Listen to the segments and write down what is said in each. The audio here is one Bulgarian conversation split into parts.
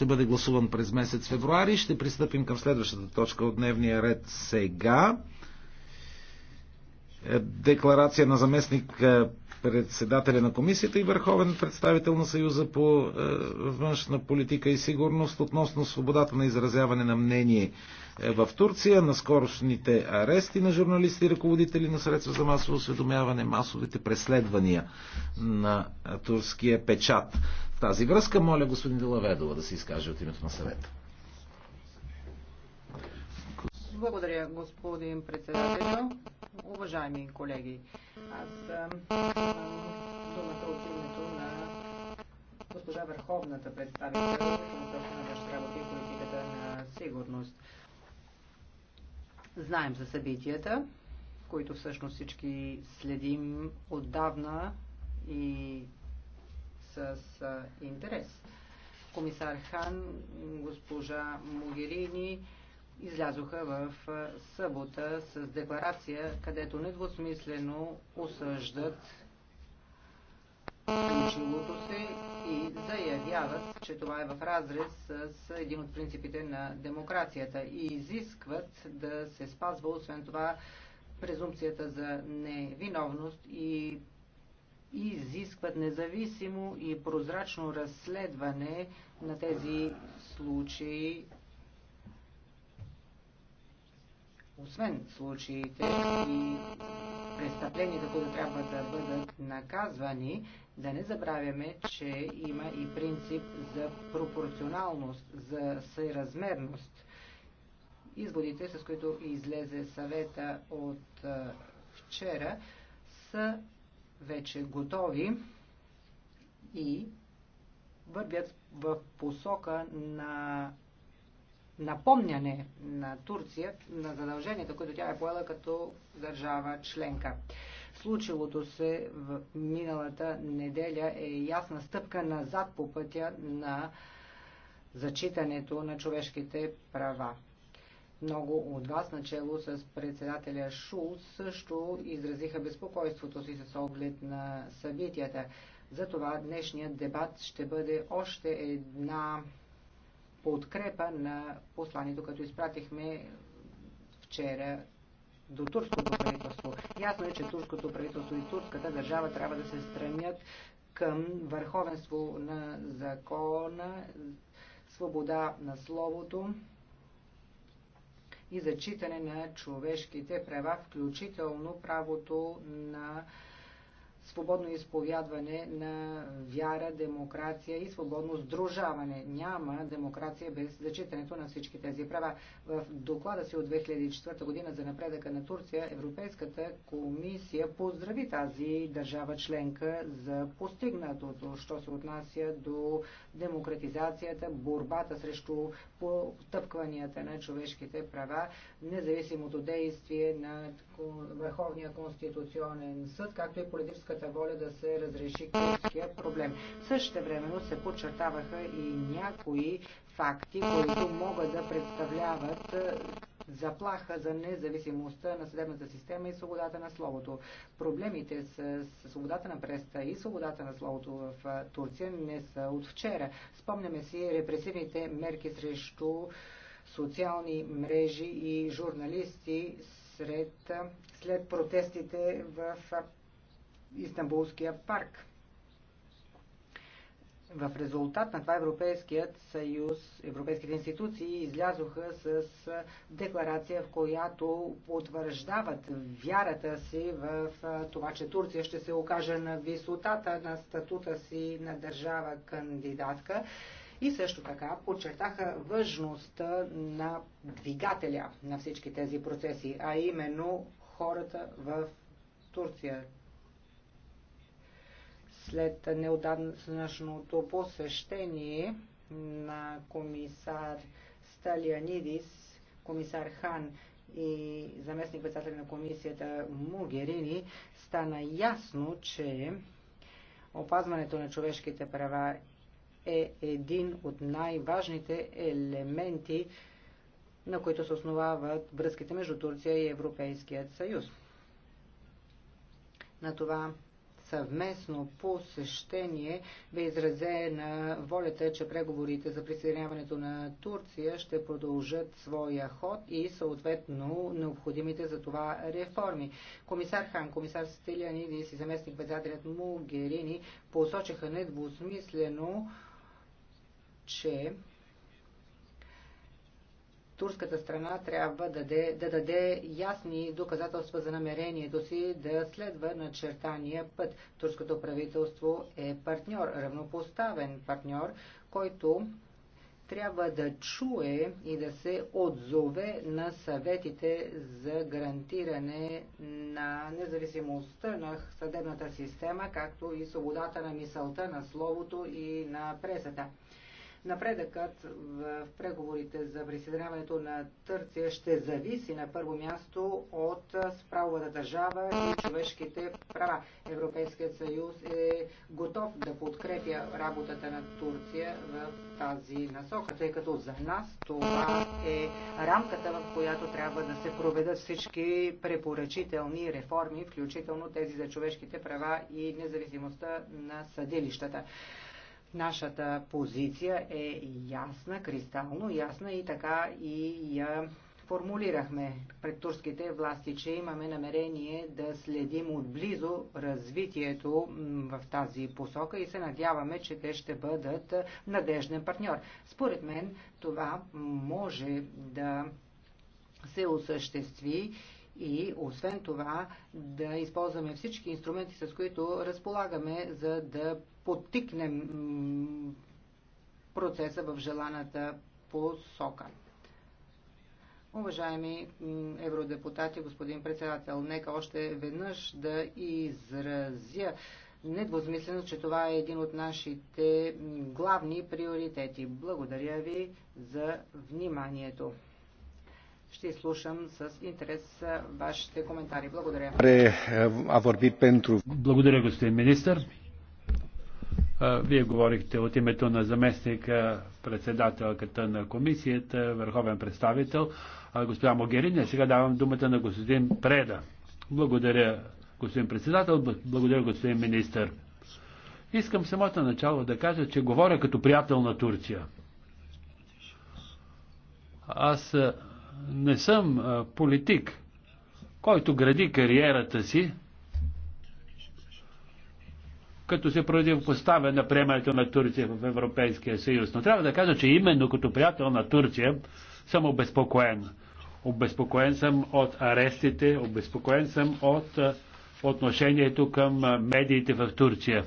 ще бъде гласуван през месец февруари. Ще пристъпим към следващата точка от дневния ред сега. Е, декларация на заместник е, председателя на комисията и върховен представител на Съюза по е, външна политика и сигурност относно свободата на изразяване на мнение в Турция, на скорошните арести на журналисти и ръководители на средства за масово осведомяване, масовите преследвания на турския печат тази връзка моля господин Делаведова да се изкаже от името на съвета. Благодаря, господин председател. Уважаеми колеги, аз думата от името на госпожа Върховната представителка на вашата работа и политиката на сигурност. Знаем за събитията, които всъщност всички следим отдавна и с интерес. Комисар Хан, госпожа Могерини излязоха в събота с декларация, където недвусмислено осъждат случилото се и заявяват, че това е в разрез с един от принципите на демокрацията и изискват да се спазва освен това презумпцията за невиновност и изискват независимо и прозрачно разследване на тези случаи, освен случаите и престъпленията, които трябва да бъдат наказвани, да не забравяме, че има и принцип за пропорционалност, за съразмерност. Изводите, с които излезе съвета от вчера, са вече готови и вървят в посока на напомняне на Турция на задълженията, които тя е поела като държава членка. Случилото се в миналата неделя е ясна стъпка назад по пътя на зачитането на човешките права. Много от вас, начало с председателя Шулц, също изразиха безпокойството си с оглед на събитията. Затова днешният дебат ще бъде още една подкрепа на посланието, като изпратихме вчера до турското правителство. Ясно е, че турското правителство и турската държава трябва да се стремят към върховенство на закона, свобода на словото и зачитане на човешките права, включително правото на свободно изповядване на вяра, демокрация и свободно сдружаване. Няма демокрация без зачитането на всички тези права. В доклада си от 2004 година за напредъка на Турция Европейската комисия поздрави тази държава членка за постигнатото, що се отнася до демократизацията, борбата срещу потъпкванията на човешките права, независимото действие на Върховния конституционен съд, както и политическа политическата воля да се разреши кurdския проблем. Също времено се подчертаваха и някои факти, които могат да представляват е, заплаха за независимостта на съдебната система и свободата на словото. Проблемите с, свободата на преста и свободата на словото в е, Турция не са от вчера. Спомняме си репресивните мерки срещу социални мрежи и журналисти сред, е, след протестите в Истанбулския парк. В резултат на това Европейският съюз, европейските институции излязоха с декларация, в която потвърждават вярата си в това, че Турция ще се окаже на висотата на статута си на държава кандидатка и също така подчертаха важността на двигателя на всички тези процеси, а именно хората в Турция, след неодавнашното посещение на комисар Сталианидис, комисар Хан и заместник председател на комисията Мугерини, стана ясно, че опазването на човешките права е един от най-важните елементи, на които се основават връзките между Турция и Европейският съюз. На това съвместно посещение бе изразена волята, че преговорите за присъединяването на Турция ще продължат своя ход и съответно необходимите за това реформи. Комисар Хан, комисар Стилянидис и заместник председателят Мугерини посочиха недвусмислено, че турската страна трябва да даде, да даде ясни доказателства за намерението си да следва начертания път. Турското правителство е партньор, равнопоставен партньор, който трябва да чуе и да се отзове на съветите за гарантиране на независимостта на съдебната система, както и свободата на мисълта, на словото и на пресата. Напредъкът в преговорите за присъединяването на Търция ще зависи на първо място от справовата държава и човешките права. Европейският съюз е готов да подкрепя работата на Турция в тази насока, тъй като за нас това е рамката, в която трябва да се проведат всички препоръчителни реформи, включително тези за човешките права и независимостта на съдилищата. Нашата позиция е ясна, кристално ясна и така и я формулирахме пред турските власти, че имаме намерение да следим отблизо развитието в тази посока и се надяваме, че те ще бъдат надежден партньор. Според мен това може да се осъществи и освен това да използваме всички инструменти, с които разполагаме, за да подтикнем процеса в желаната посока. Уважаеми евродепутати, господин председател, нека още веднъж да изразя недвусмислено, че това е един от нашите главни приоритети. Благодаря ви за вниманието. Ще слушам с интерес вашите коментари. Благодаря. Благодаря, господин министър. Вие говорихте от името на заместник председателката на комисията, върховен представител, госпожа А Сега давам думата на господин Преда. Благодаря, господин председател, благодаря, господин министър. Искам самото начало да кажа, че говоря като приятел на Турция. Аз не съм политик, който гради кариерата си като се противопоставя на приемането на Турция в Европейския съюз. Но трябва да кажа, че именно като приятел на Турция съм обезпокоен. Обезпокоен съм от арестите, обезпокоен съм от отношението към медиите в Турция.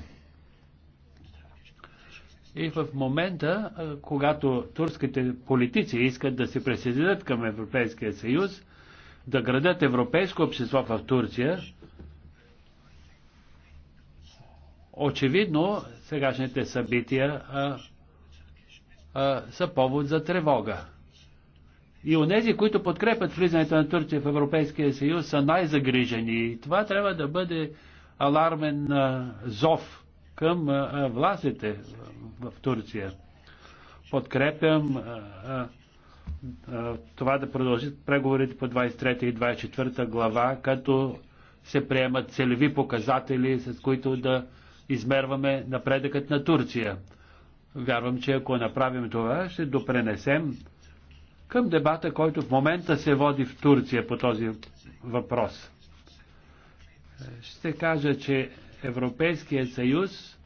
И в момента, когато турските политици искат да се присъединят към Европейския съюз, да градят европейско общество в Турция, Очевидно, сегашните събития а, а, са повод за тревога. И онези, които подкрепят влизането на Турция в Европейския съюз, са най-загрижени. това трябва да бъде алармен а, зов към а, властите в, в Турция. Подкрепям а, а, а, това да продължат преговорите по 23 и 24 глава, като се приемат целеви показатели, с които да измерваме напредъкът на Турция. Вярвам, че ако направим това, ще допренесем към дебата, който в момента се води в Турция по този въпрос. Ще кажа, че Европейският съюз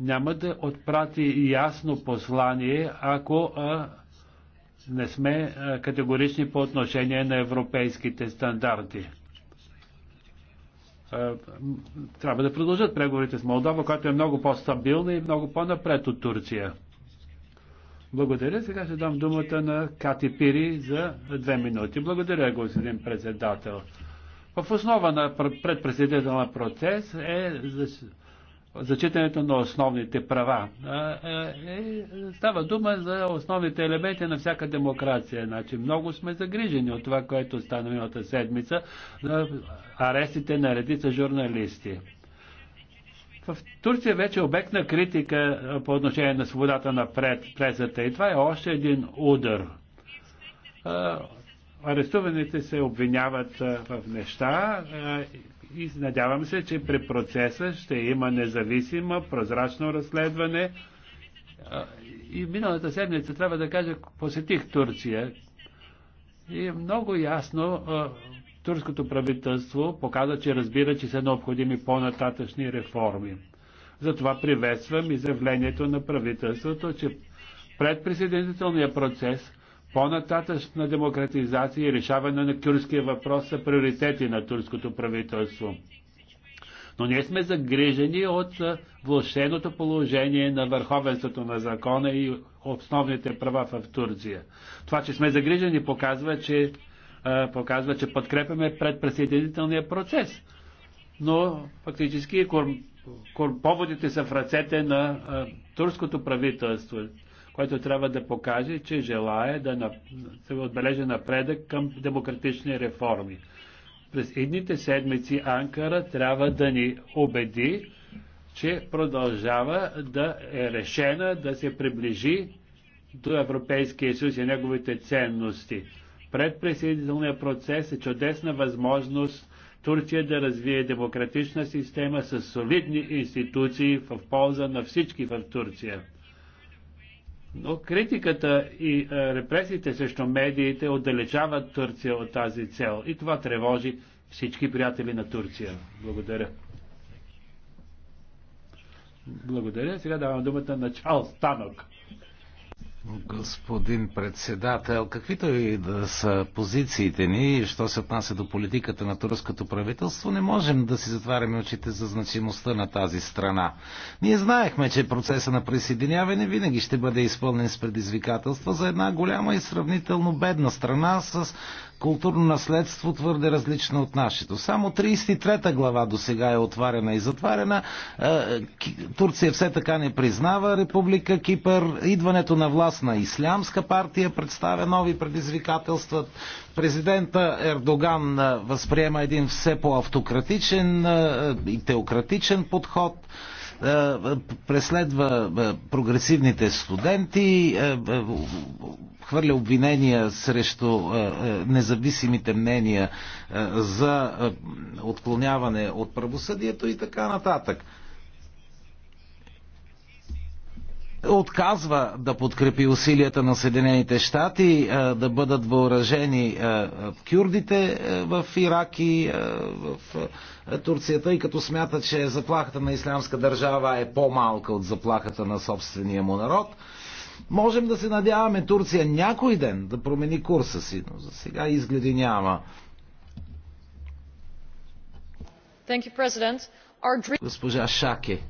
няма да отпрати ясно послание, ако а, не сме а, категорични по отношение на европейските стандарти. Е, трябва да продължат преговорите с Молдова, която е много по-стабилна и много по-напред от Турция. Благодаря. Сега ще дам думата на Кати Пири за две минути. Благодаря, господин председател. В основа на предпредседателна процес е зачитането на основните права. Е, става дума за основните елементи на всяка демокрация. Значи, много сме загрижени от това, което стана миналата седмица на арестите на редица журналисти. В Турция вече е обект на критика по отношение на свободата на пресата и това е още един удар. Арестуваните се обвиняват в неща, и надявам се, че при процеса ще има независимо, прозрачно разследване. И миналата седмица, трябва да кажа, посетих Турция. И много ясно турското правителство показа, че разбира, че са необходими по-нататъчни реформи. Затова приветствам изявлението на правителството, че пред присъединителния процес по-нататъчна демократизация и решаване на кюрския въпрос са приоритети на турското правителство. Но ние сме загрижени от влошеното положение на върховенството на закона и основните права в Турция. Това, че сме загрижени, показва, че, показва, че подкрепяме предпресъединителния процес. Но фактически поводите са в ръцете на турското правителство което трябва да покаже, че желая да се отбележи напредък към демократични реформи. През едните седмици Анкара трябва да ни убеди, че продължава да е решена да се приближи до Европейския съюз и неговите ценности. Предприсъединителният процес е чудесна възможност Турция да развие демократична система с солидни институции в полза на всички в Турция. Но критиката и е, репресиите срещу медиите отдалечават Турция от тази цел. И това тревожи всички приятели на Турция. Благодаря. Благодаря. Сега давам думата на Чарлз Танок. Господин председател, каквито и да са позициите ни, що се отнася до политиката на турското правителство, не можем да си затваряме очите за значимостта на тази страна. Ние знаехме, че процеса на присъединяване винаги ще бъде изпълнен с предизвикателства за една голяма и сравнително бедна страна с културно наследство твърде различно от нашето. Само 33-та глава до сега е отварена и затварена. Е, Турция все така не признава Република Кипър. Идването на власт на Ислямска партия представя нови предизвикателства. Президента Ердоган е, възприема един все по-автократичен е, и теократичен подход. Е, преследва е, прогресивните студенти, е, хвърля обвинения срещу независимите мнения за отклоняване от правосъдието и така нататък. отказва да подкрепи усилията на Съединените щати да бъдат въоръжени кюрдите в Ирак и в Турция, тъй като смята, че заплахата на ислямска държава е по-малка от заплахата на собствения му народ. Можем да се надяваме Турция някой ден да промени курса си, но за сега изгледи няма. Thank you, Госпожа Шаке.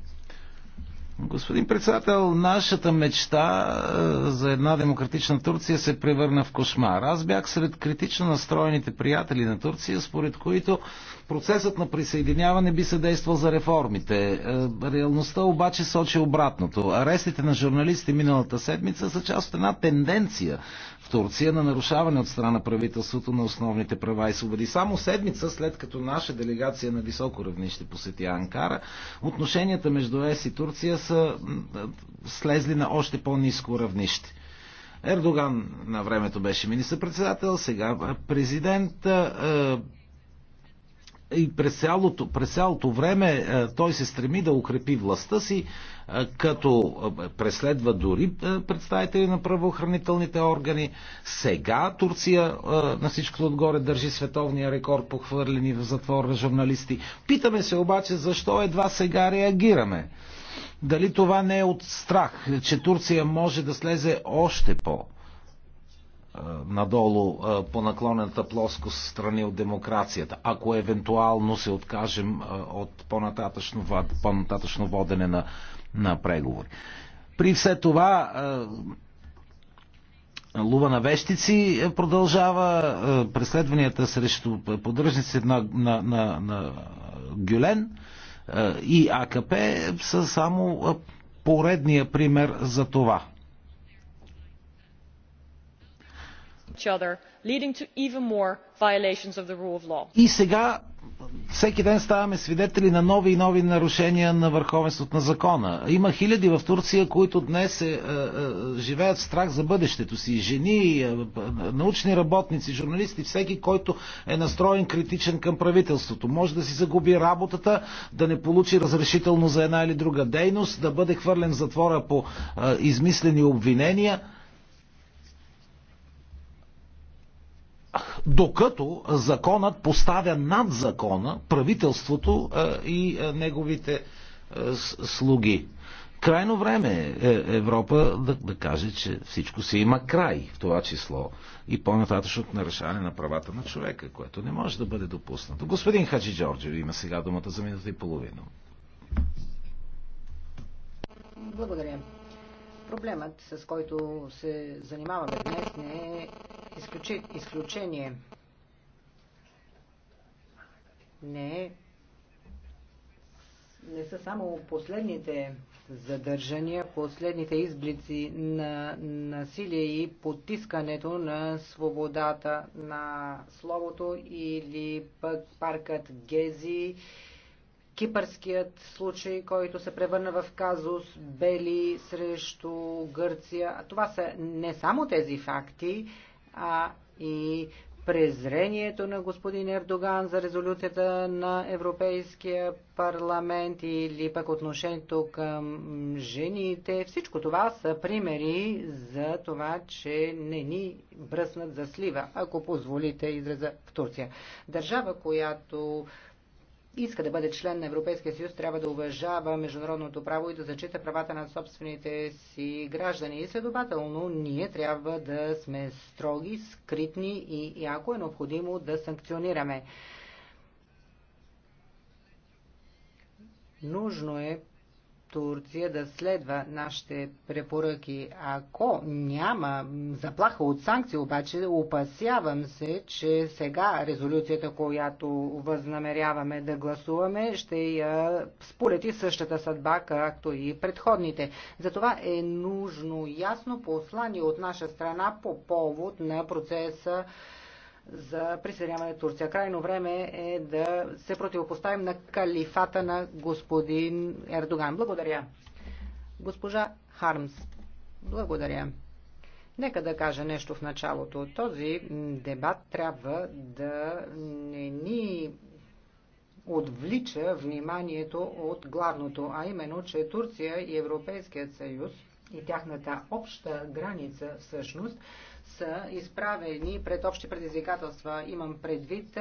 Господин председател, нашата мечта е, за една демократична Турция се превърна в кошмар. Аз бях сред критично настроените приятели на Турция, според които процесът на присъединяване би се действал за реформите. Е, реалността обаче сочи обратното. Арестите на журналисти миналата седмица са част от една тенденция Турция на нарушаване от страна правителството на основните права и свободи. Само седмица след като наша делегация на високо равнище посети Анкара, отношенията между ЕС и Турция са слезли на още по-низко равнище. Ердоган на времето беше министър-председател, сега президент и през цялото, през цялото време е, той се стреми да укрепи властта си, е, като е, преследва дори представители на правоохранителните органи. Сега Турция на всичкото отгоре държи световния рекорд по хвърлени в затвора журналисти. Питаме се обаче защо едва сега реагираме. Дали това не е от страх, че Турция може да слезе още по надолу по наклонената плоскост страни от демокрацията, ако евентуално се откажем от по-нататъчно, по водене на, на преговори. При все това лува на вещици е, продължава, преследванията срещу поддръжниците на, на, на, на Гюлен и АКП са само поредния пример за това. И сега всеки ден ставаме свидетели на нови и нови нарушения на върховенството на закона. Има хиляди в Турция, които днес е, е, е живеят страх за бъдещето си. Жени, е, е, научни работници, журналисти, всеки, който е настроен критичен към правителството. Може да си загуби работата, да не получи разрешително за една или друга дейност, да бъде хвърлен в затвора по е, измислени обвинения – докато законът поставя над закона правителството е, и е, неговите е, слуги. Крайно време е Европа да, да каже, че всичко си има край, в това число и по-нататъчното нарешаване на правата на човека, което не може да бъде допуснато. Господин Хаджи Джорджев има сега думата за минута и половина. Благодаря. Проблемът, с който се занимаваме днес, не е изключение не е не са само последните задържания, последните изблици на насилие и потискането на свободата на словото или пък паркът Гези, кипърският случай, който се превърна в казус Бели срещу Гърция. Това са не само тези факти, а и презрението на господин Ердоган за резолюцията на Европейския парламент или пък отношението към жените. Всичко това са примери за това, че не ни бръснат за слива, ако позволите изреза в Турция. Държава, която иска да бъде член на Европейския съюз, трябва да уважава международното право и да зачита правата на собствените си граждани. И следователно, ние трябва да сме строги, скритни и, и ако е необходимо, да санкционираме. Нужно е Турция да следва нашите препоръки. Ако няма заплаха от санкции, обаче опасявам се, че сега резолюцията, която възнамеряваме да гласуваме, ще я сполети същата съдба, както и предходните. Затова е нужно ясно послание от наша страна по повод на процеса за присъединяване на Турция. Крайно време е да се противопоставим на калифата на господин Ердоган. Благодаря. Госпожа Хармс, благодаря. Нека да кажа нещо в началото. Този дебат трябва да не ни отвлича вниманието от главното, а именно, че Турция и Европейският съюз и тяхната обща граница всъщност са изправени пред общи предизвикателства. Имам предвид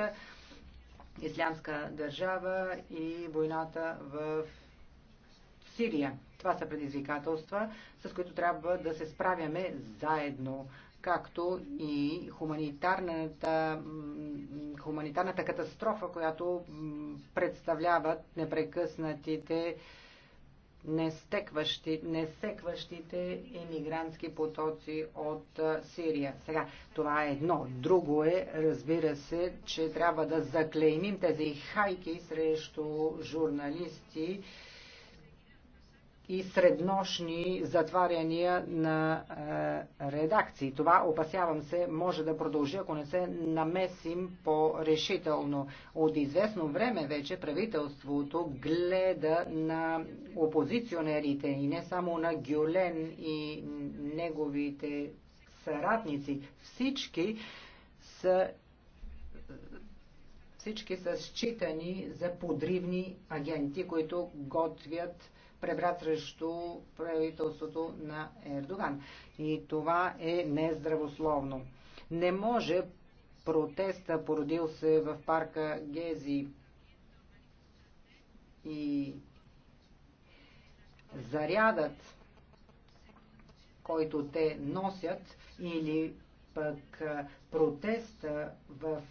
Ислямска държава и войната в Сирия. Това са предизвикателства, с които трябва да се справяме заедно, както и хуманитарната, хуманитарната катастрофа, която представляват непрекъснатите нестекващи, несекващите емигрантски потоци от Сирия. Сега, това е едно. Друго е, разбира се, че трябва да заклеймим тези хайки срещу журналисти, и среднощни затваряния на е, редакции. Това, опасявам се, може да продължи, ако не се намесим по-решително. От известно време вече правителството гледа на опозиционерите и не само на Гюлен и неговите съратници. Всички са всички са считани за подривни агенти, които готвят пребрат срещу правителството на Ердоган. И това е нездравословно. Не може протеста, породил се в парка Гези и зарядът, който те носят, или пък протеста в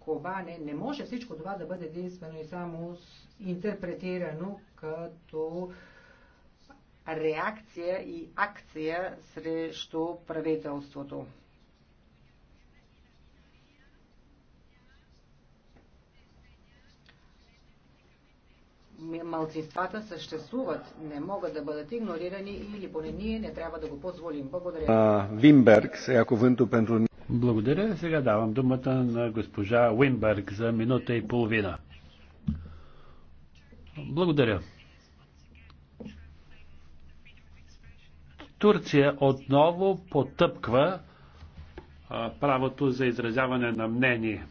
Кобане, не може всичко това да бъде единствено и само с интерпретирано като реакция и акция срещу правителството. Малцинствата съществуват, не могат да бъдат игнорирани или поне ние не трябва да го позволим. Благодаря. Вимберг, сега кuvântul пентру... Благодаря. Сега давам думата на госпожа Уинберг за минута и половина. Благодаря. Турция отново потъпква правото за изразяване на мнение.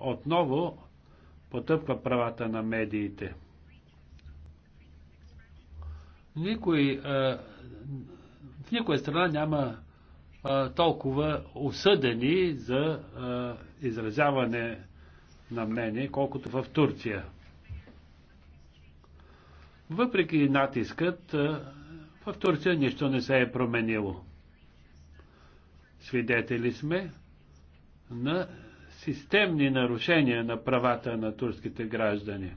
Отново потъпква правата на медиите. Никой, в никоя страна няма толкова осъдени за изразяване на мнение, колкото в Турция. Въпреки натискът, в Турция нищо не се е променило. Свидетели сме на системни нарушения на правата на турските граждани.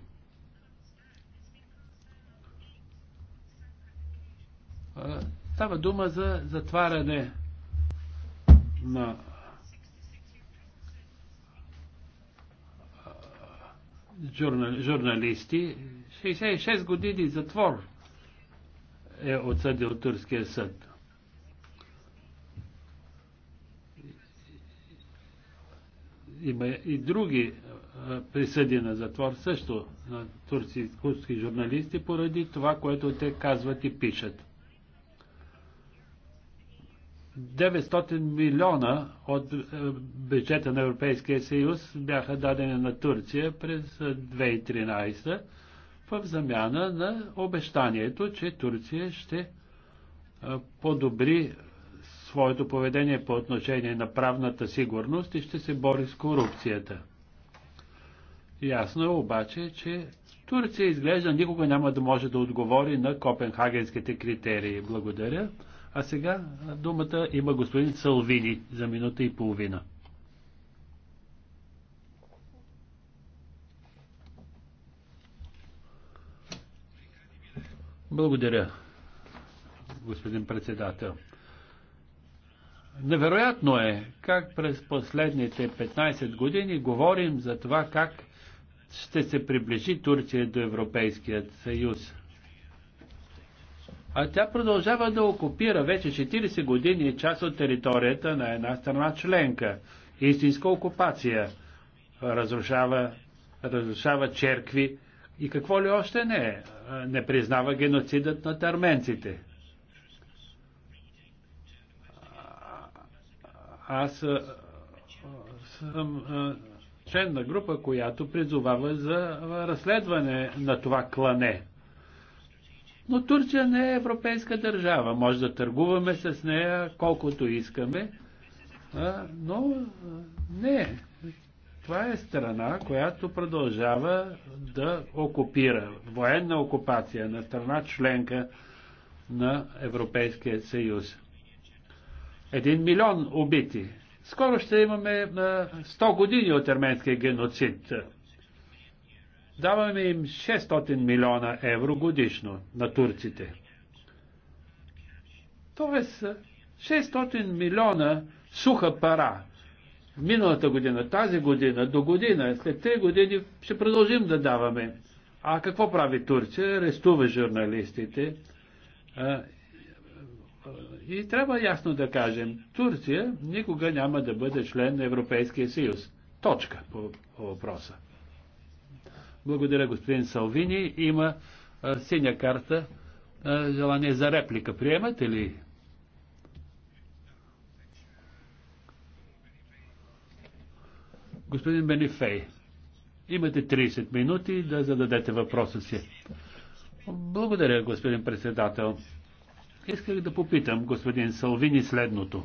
Става дума за затваряне на журналисти. 66 години затвор е отсъдил турския съд. Има и други присъди на затвор също на турски журналисти поради това, което те казват и пишат. 900 милиона от е, бюджета на Европейския съюз бяха дадени на Турция през 2013 е, в замяна на обещанието, че Турция ще е, подобри своето поведение по отношение на правната сигурност и ще се бори с корупцията. Ясно е обаче, че Турция изглежда никога няма да може да отговори на копенхагенските критерии. Благодаря. А сега думата има господин Салвини за минута и половина. Благодаря, господин председател. Невероятно е как през последните 15 години говорим за това как ще се приближи Турция до Европейският съюз а тя продължава да окупира вече 40 години част от територията на една страна членка. Истинска окупация разрушава, разрушава черкви и какво ли още не е. Не признава геноцидът на тарменците. Аз съм член на група, която призовава за разследване на това клане. Но Турция не е европейска държава. Може да търгуваме с нея колкото искаме, но не. Това е страна, която продължава да окупира. Военна окупация на страна членка на Европейския съюз. Един милион убити. Скоро ще имаме 100 години от арменския геноцид. Даваме им 600 милиона евро годишно на турците. Тоест 600 милиона суха пара. Миналата година, тази година, до година, след 3 години ще продължим да даваме. А какво прави Турция? Арестува журналистите. И трябва ясно да кажем, Турция никога няма да бъде член на Европейския съюз. Точка по въпроса. Благодаря, господин Салвини. Има а, синя карта. А, желание за реплика. Приемате ли? Господин Бенифей, имате 30 минути да зададете въпроса си. Благодаря, господин председател. Исках да попитам господин Салвини следното.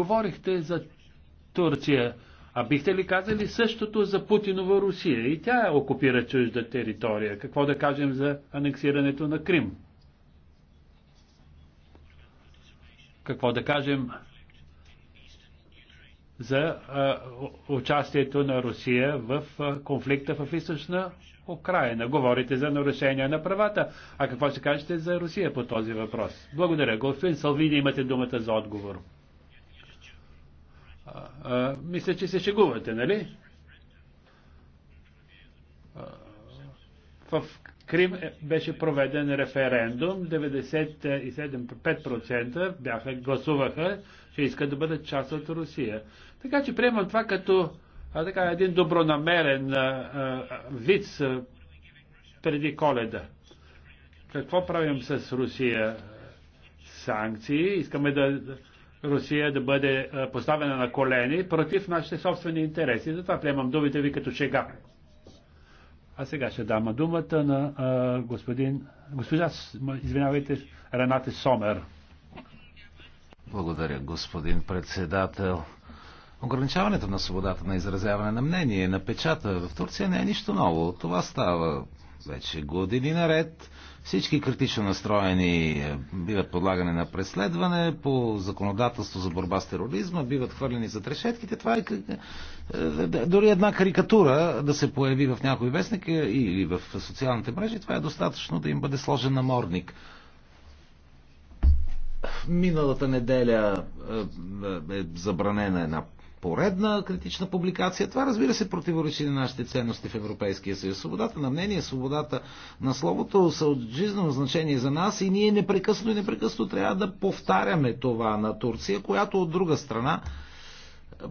Говорихте за Турция. А бихте ли казали същото за Путинова Русия? И тя окупира чужда територия. Какво да кажем за анексирането на Крим? Какво да кажем за а, участието на Русия в а, конфликта в източна Украина. Говорите за нарушение на правата. А какво ще кажете за Русия по този въпрос? Благодаря. Господин Салвини, имате думата за отговор а, мисля, че се шегувате, нали? А, в Крим е, беше проведен референдум, 97,5% бяха, гласуваха, че искат да бъдат част от Русия. Така че приемам това като а, така, един добронамерен а, а, виц а, преди коледа. Какво правим с Русия? Санкции, искаме да, Русия да бъде поставена на колени против нашите собствени интереси. Затова приемам думите ви като шега. А сега ще дам думата на а, господин, госпожа, извинявайте, Ренате Сомер. Благодаря, господин председател. Ограничаването на свободата на изразяване на мнение на печата в Турция не е нищо ново. Това става вече години наред всички критично настроени е, биват подлагани на преследване по законодателство за борба с тероризма, биват хвърлени за трешетките. Това е, е, е дори една карикатура да се появи в някой вестник или в социалните мрежи. Това е достатъчно да им бъде сложен морник. Миналата неделя е забранена една поредна критична публикация. Това, разбира се, противоречи на нашите ценности в Европейския съюз. Свободата на мнение, свободата на словото са от жизнено значение за нас и ние непрекъсно и непрекъсно трябва да повтаряме това на Турция, която от друга страна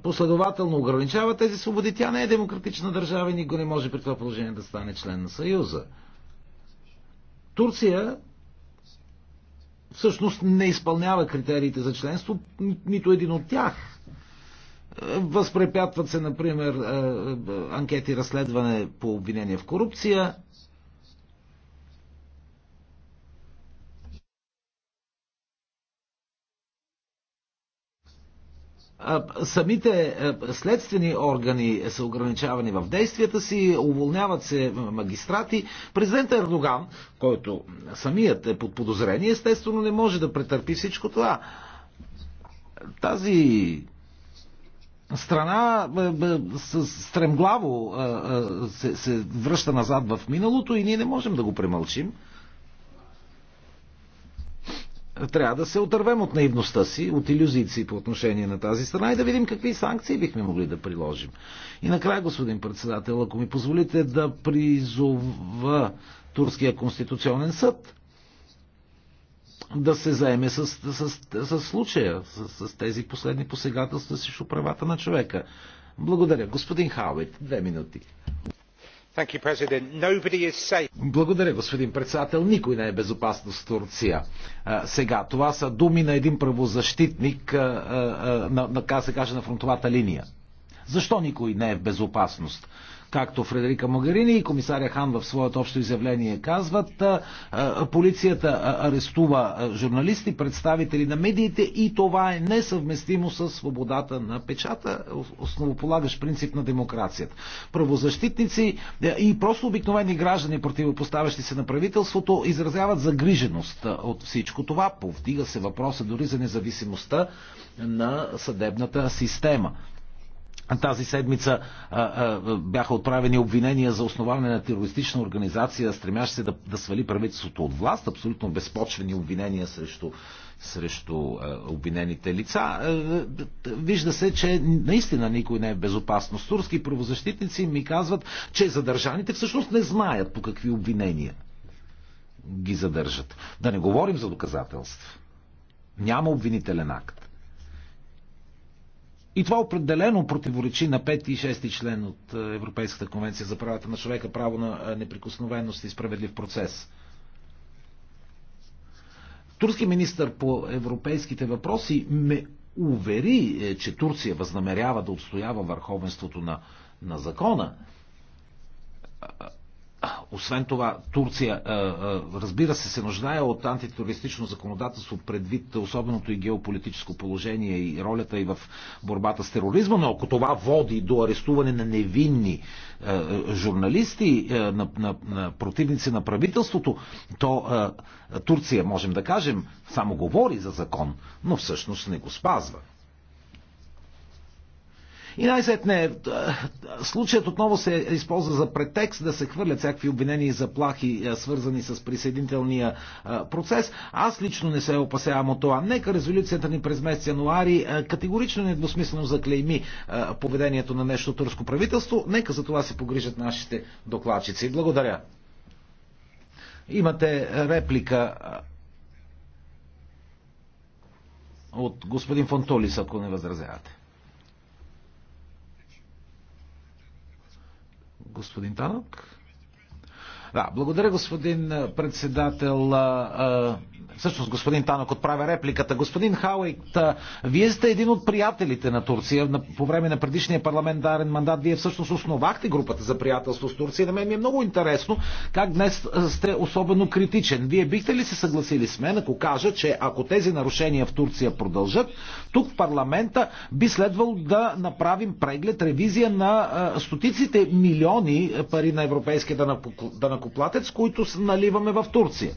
последователно ограничава тези свободи. Тя не е демократична държава и никой не може при това положение да стане член на Съюза. Турция всъщност не изпълнява критериите за членство, нито един от тях Възпрепятват се, например, е, анкети разследване по обвинение в корупция. Самите е, следствени органи са ограничавани в действията си, уволняват се магистрати. Президент Ердоган, който самият е под подозрение, естествено не може да претърпи всичко това. Тази страна е, е, стремглаво е, се, се връща назад в миналото и ние не можем да го премълчим. Трябва да се отървем от наивността си, от иллюзиите по отношение на тази страна и да видим какви санкции бихме могли да приложим. И накрая, господин председател, ако ми позволите да призова Турския конституционен съд да се заеме с, с, с, с случая, с, с тези последни посегателства срещу правата на човека. Благодаря. Господин Хауит, две минути. Благодаря, господин председател. Никой не е безопасност в Турция. сега, това са думи на един правозащитник, на, на, на, на фронтовата линия. Защо никой не е в безопасност? както Фредерика Магарини и комисаря Хан в своето общо изявление казват, полицията арестува журналисти, представители на медиите и това е несъвместимо с свободата на печата, основополагащ принцип на демокрацията. Правозащитници и просто обикновени граждани, противопоставящи се на правителството, изразяват загриженост от всичко това. Повдига се въпроса дори за независимостта на съдебната система. Тази седмица а, а, бяха отправени обвинения за основаване на терористична организация, стремяща се да, да свали правителството от власт. Абсолютно безпочвени обвинения срещу, срещу а, обвинените лица. А, вижда се, че наистина никой не е в безопасност. Турски правозащитници ми казват, че задържаните всъщност не знаят по какви обвинения ги задържат. Да не говорим за доказателства. Няма обвинителен акт. И това определено противоречи на 5 и 6 член от е, Европейската конвенция за правата на човека, право на е, неприкосновеност и справедлив процес. Турски министр по европейските въпроси ме увери, е, че Турция възнамерява да отстоява върховенството на, на закона. Освен това, Турция, разбира се, се нуждае от антитерористично законодателство предвид особеното и геополитическо положение и ролята и в борбата с тероризма, но ако това води до арестуване на невинни журналисти, на, на, на противници на правителството, то Турция, можем да кажем, само говори за закон, но всъщност не го спазва. И най-сетне, е, е, случаят отново се използва за претекст да се хвърлят всякакви обвинения и заплахи, е, свързани с присъединителния процес. Аз лично не се опасявам от това. Нека резолюцията ни през месец януари категорично недвусмислено заклейми поведението на нещо турско правителство. Нека за това се погрижат нашите докладчици. Благодаря. Имате реплика от господин Фонтолис, ако не възразявате. Господин Танък. Да, благодаря, господин председател. Всъщност, господин Танок отправя репликата. Господин Хауейт, вие сте един от приятелите на Турция. По време на предишния парламентарен мандат вие всъщност основахте групата за приятелство с Турция. На мен ми е много интересно как днес сте особено критичен. Вие бихте ли се съгласили с мен, ако кажа, че ако тези нарушения в Турция продължат, тук в парламента би следвало да направим преглед, ревизия на стотиците милиони пари на европейския данъкоплатец данъкоплатец, които наливаме в Турция.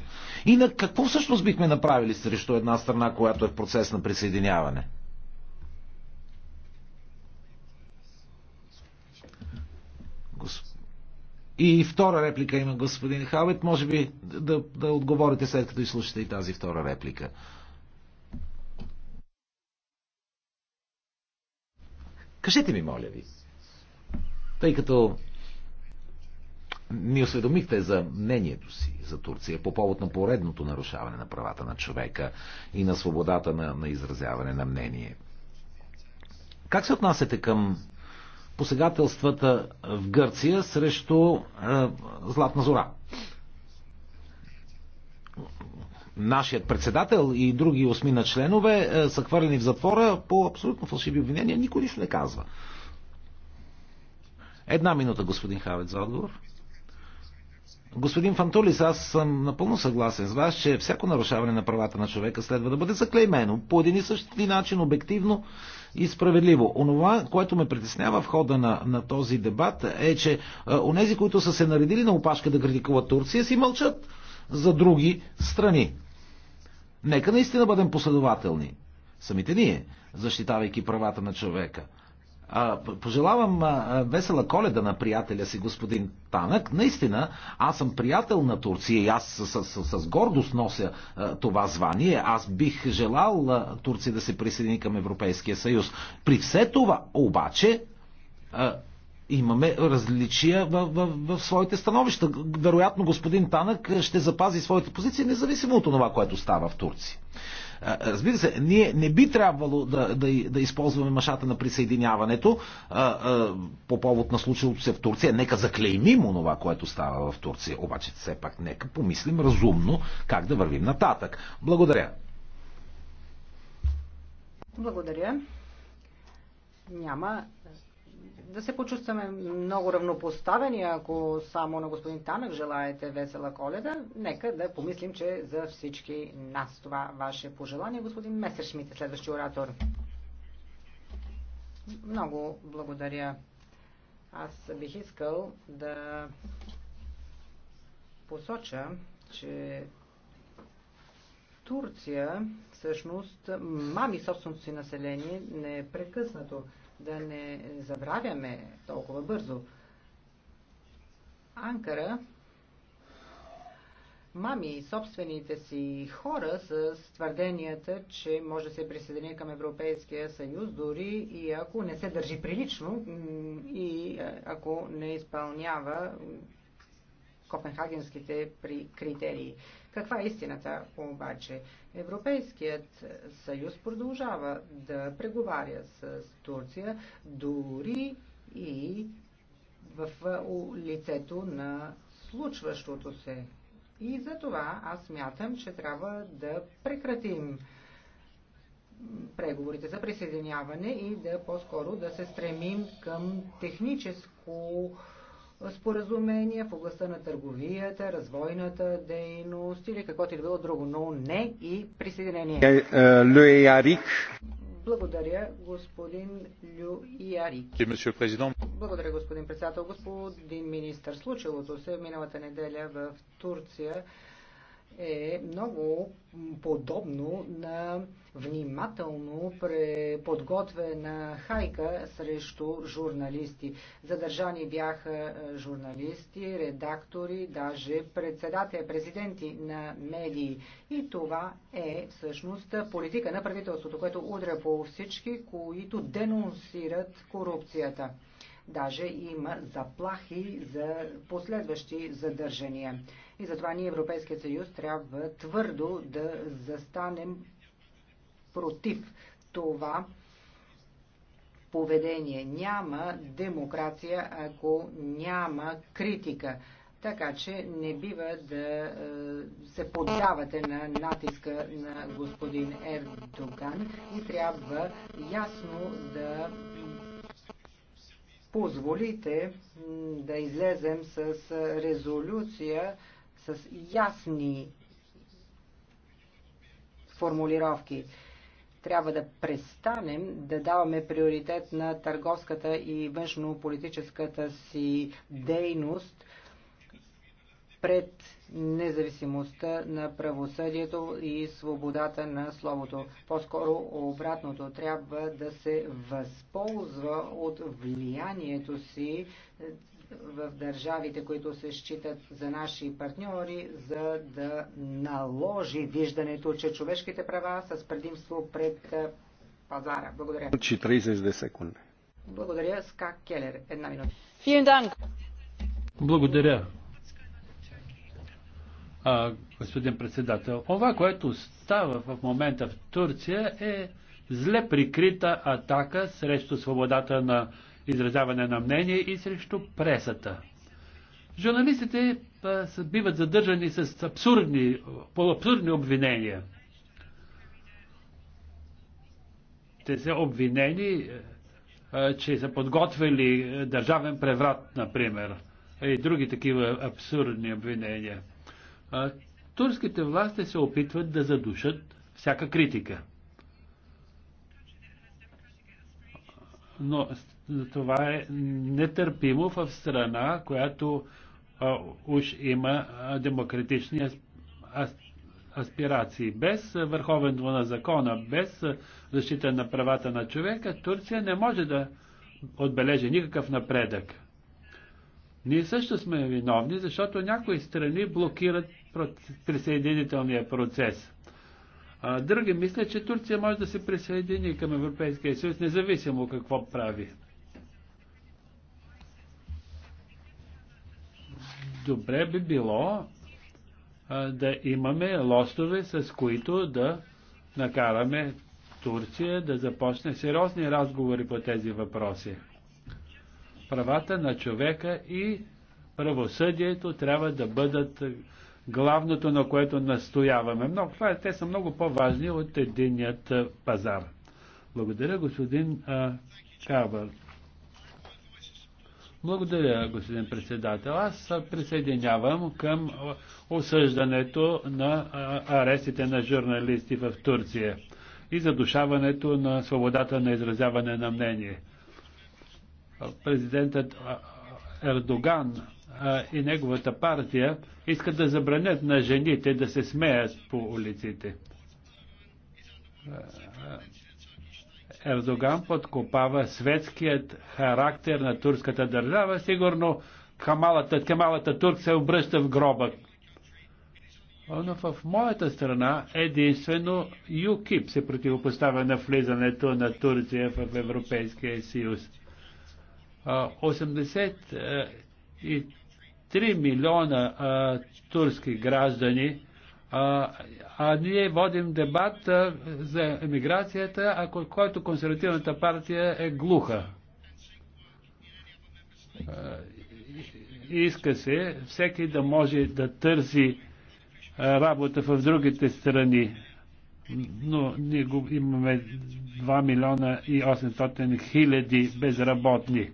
И на какво всъщност бихме направили срещу една страна, която е в процес на присъединяване? И втора реплика има господин Хавет. Може би да, да отговорите след като изслушате и тази втора реплика. Кажете ми, моля ви. Тъй като ни осведомихте за мнението си за Турция по повод на поредното нарушаване на правата на човека и на свободата на, на изразяване на мнение. Как се отнасяте към посегателствата в Гърция срещу е, Златна зора? Нашият председател и други осмина членове е, са хвърлени в затвора по абсолютно фалшиви обвинения. Никой нищо не казва. Една минута, господин Хавец, за отговор. Господин Фантулис, аз съм напълно съгласен с вас, че всяко нарушаване на правата на човека следва да бъде заклеймено по един и същи начин, обективно и справедливо. Онова, което ме притеснява в хода на, на този дебат е, че онези, които са се наредили на опашка да критикуват Турция, си мълчат за други страни. Нека наистина бъдем последователни. Самите ние, защитавайки правата на човека – а, пожелавам а, весела коледа на приятеля си, господин Танък. Наистина, аз съм приятел на Турция и аз с, с, с, с гордост нося а, това звание. Аз бих желал а, Турция да се присъедини към Европейския съюз. При все това, обаче, а, имаме различия в, в, в, в своите становища. Вероятно, господин Танък ще запази своите позиции, независимо от това, което става в Турция. Разбира се, ние не би трябвало да, да, да използваме машата на присъединяването а, а, по повод на случилото се в Турция. Нека заклеймим онова, което става в Турция. Обаче все пак нека помислим разумно как да вървим нататък. Благодаря. Благодаря. Няма да се почувстваме много равнопоставени, ако само на господин Танък желаете весела коледа, нека да помислим, че за всички нас това ваше пожелание. Господин Месершмит е следващия оратор. Много благодаря. Аз бих искал да посоча, че Турция всъщност мами собственото си население непрекъснато. Е да не забравяме толкова бързо. Анкара мами собствените си хора с твърденията, че може да се присъедини към Европейския съюз, дори и ако не се държи прилично и ако не изпълнява копенхагенските критерии. Каква е истината обаче? Европейският съюз продължава да преговаря с Турция дори и в лицето на случващото се. И за това аз мятам, че трябва да прекратим преговорите за присъединяване и да по-скоро да се стремим към техническо споразумения в областта на търговията, развойната дейност или каквото и да било друго, но не и присъединение. Е, е, Луи Благодаря, господин Лю Ярик. Е, Благодаря, господин председател. Господин министр, случилото се миналата неделя в Турция е много подобно на внимателно подготвена хайка срещу журналисти. Задържани бяха е, журналисти, редактори, даже председатели, президенти на медии. И това е всъщност политика на правителството, което удря по всички, които денонсират корупцията. Даже има заплахи за последващи задържания. И затова ние, Европейския съюз, трябва твърдо да застанем против това поведение. Няма демокрация, ако няма критика. Така че не бива да е, се поддавате на натиска на господин Ердоган и трябва ясно да позволите да излезем с резолюция с ясни формулировки. Трябва да престанем да даваме приоритет на търговската и външно-политическата си дейност пред независимостта на правосъдието и свободата на словото. По-скоро обратното трябва да се възползва от влиянието си в държавите, които се считат за наши партньори, за да наложи виждането, че човешките права са с предимство пред пазара. Благодаря. 40 секунди. Благодаря. Ска Келер. Една минута. Благодаря. А, господин председател, това, което става в момента в Турция е зле прикрита атака срещу свободата на изразяване на мнение и срещу пресата. Журналистите биват задържани с абсурдни, полуабсурдни обвинения. Те са обвинени, че са подготвили държавен преврат, например, и други такива абсурдни обвинения. Турските власти се опитват да задушат всяка критика. Но това е нетърпимо в страна, която а, уж има демократични аспирации. Без върховенство на закона, без защита на правата на човека, Турция не може да отбележи никакъв напредък. Ние също сме виновни, защото някои страни блокират присъединителния процес. А Други мислят, че Турция може да се присъедини към Европейския съюз, независимо какво прави. добре би било а, да имаме лостове, с които да накараме Турция да започне сериозни разговори по тези въпроси. Правата на човека и правосъдието трябва да бъдат главното, на което настояваме. Много, това, е, те са много по-важни от единият пазар. Благодаря, господин Кабър. Благодаря, господин председател. Аз се присъединявам към осъждането на арестите на журналисти в Турция и задушаването на свободата на изразяване на мнение. Президентът Ердоган и неговата партия искат да забранят на жените да се смеят по улиците Ердоган подкопава светският характер на турската държава. Сигурно Камалата, Камалата Турк се обръща в гроба. Но в моята страна единствено ЮКИП се противопоставя на влизането на Турция в Европейския съюз. 83 милиона турски граждани а, а ние водим дебат а, за емиграцията, ако, който консервативната партия е глуха. А, иска се всеки да може да търси работа в другите страни. Но ние го, имаме 2 милиона и 800 хиляди безработни.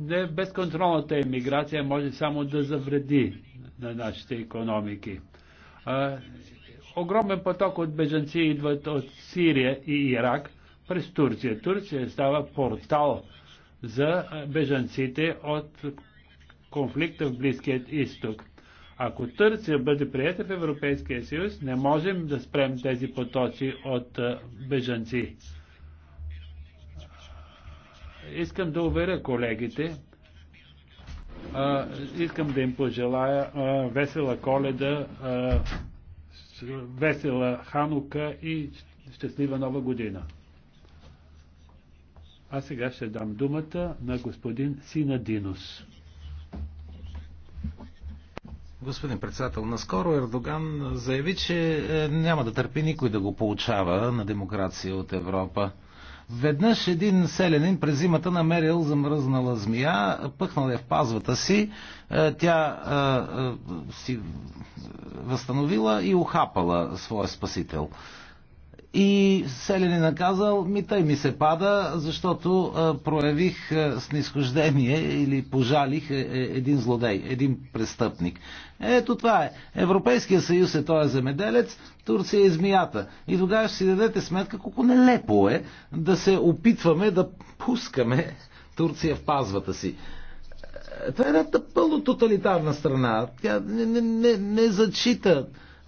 не безконтролната емиграция може само да завреди на нашите економики. А, огромен поток от бежанци идват от Сирия и Ирак през Турция. Турция става портал за бежанците от конфликта в Близкият изток. Ако Турция бъде приятел в Европейския съюз, не можем да спрем тези потоци от бежанци. Искам да уверя колегите, а, искам да им пожелая а, весела коледа, а, весела ханука и щастлива нова година. А сега ще дам думата на господин Синадинус. Господин председател, наскоро Ердоган заяви, че е, няма да търпи никой да го получава на демокрация от Европа. Веднъж един селянин през зимата намерил замръзнала змия, пъхнал я в пазвата си, е, тя е, е, си възстановила и ухапала своя спасител. И Селени наказал, ми тъй ми се пада, защото проявих снисхождение или пожалих е, е, един злодей, един престъпник. Ето това е. Европейския съюз е този земеделец, Турция е змията. И тогава ще си дадете сметка колко нелепо е да се опитваме да пускаме Турция в пазвата си. Е, това е една пълно тоталитарна страна. Тя не, не, не, не зачита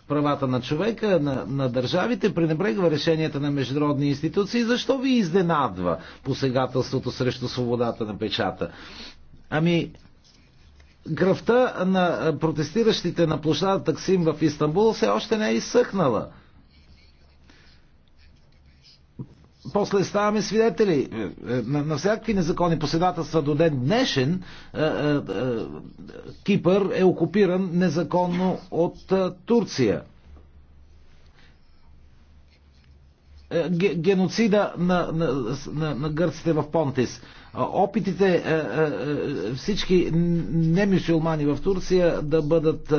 правата на човека, на, на държавите, пренебрегва решенията на международни институции. Защо ви изненадва посегателството срещу свободата на печата? Ами, кръвта на протестиращите на площада Таксим в Истанбул все още не е изсъхнала. после ставаме свидетели е, е, на, на всякакви незаконни поседателства до ден днешен. Е, Кипър е окупиран незаконно от Турция. геноцида на, на, на, на гърците в Понтис. Опитите всички немюсюлмани в Турция да бъдат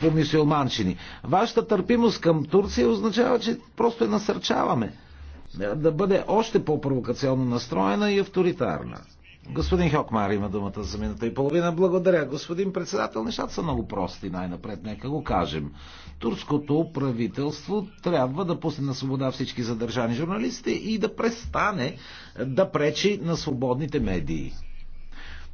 по мюсюлманчини. Вашата търпимост към Турция означава, че просто я насърчаваме. Е, да бъде още по-провокационно настроена и авторитарна. Господин Хокмар има думата за минута и половина. Благодаря. Господин председател, нещата са много прости. Най-напред, нека го кажем. Турското правителство трябва да пусне на свобода всички задържани журналисти и да престане да пречи на свободните медии.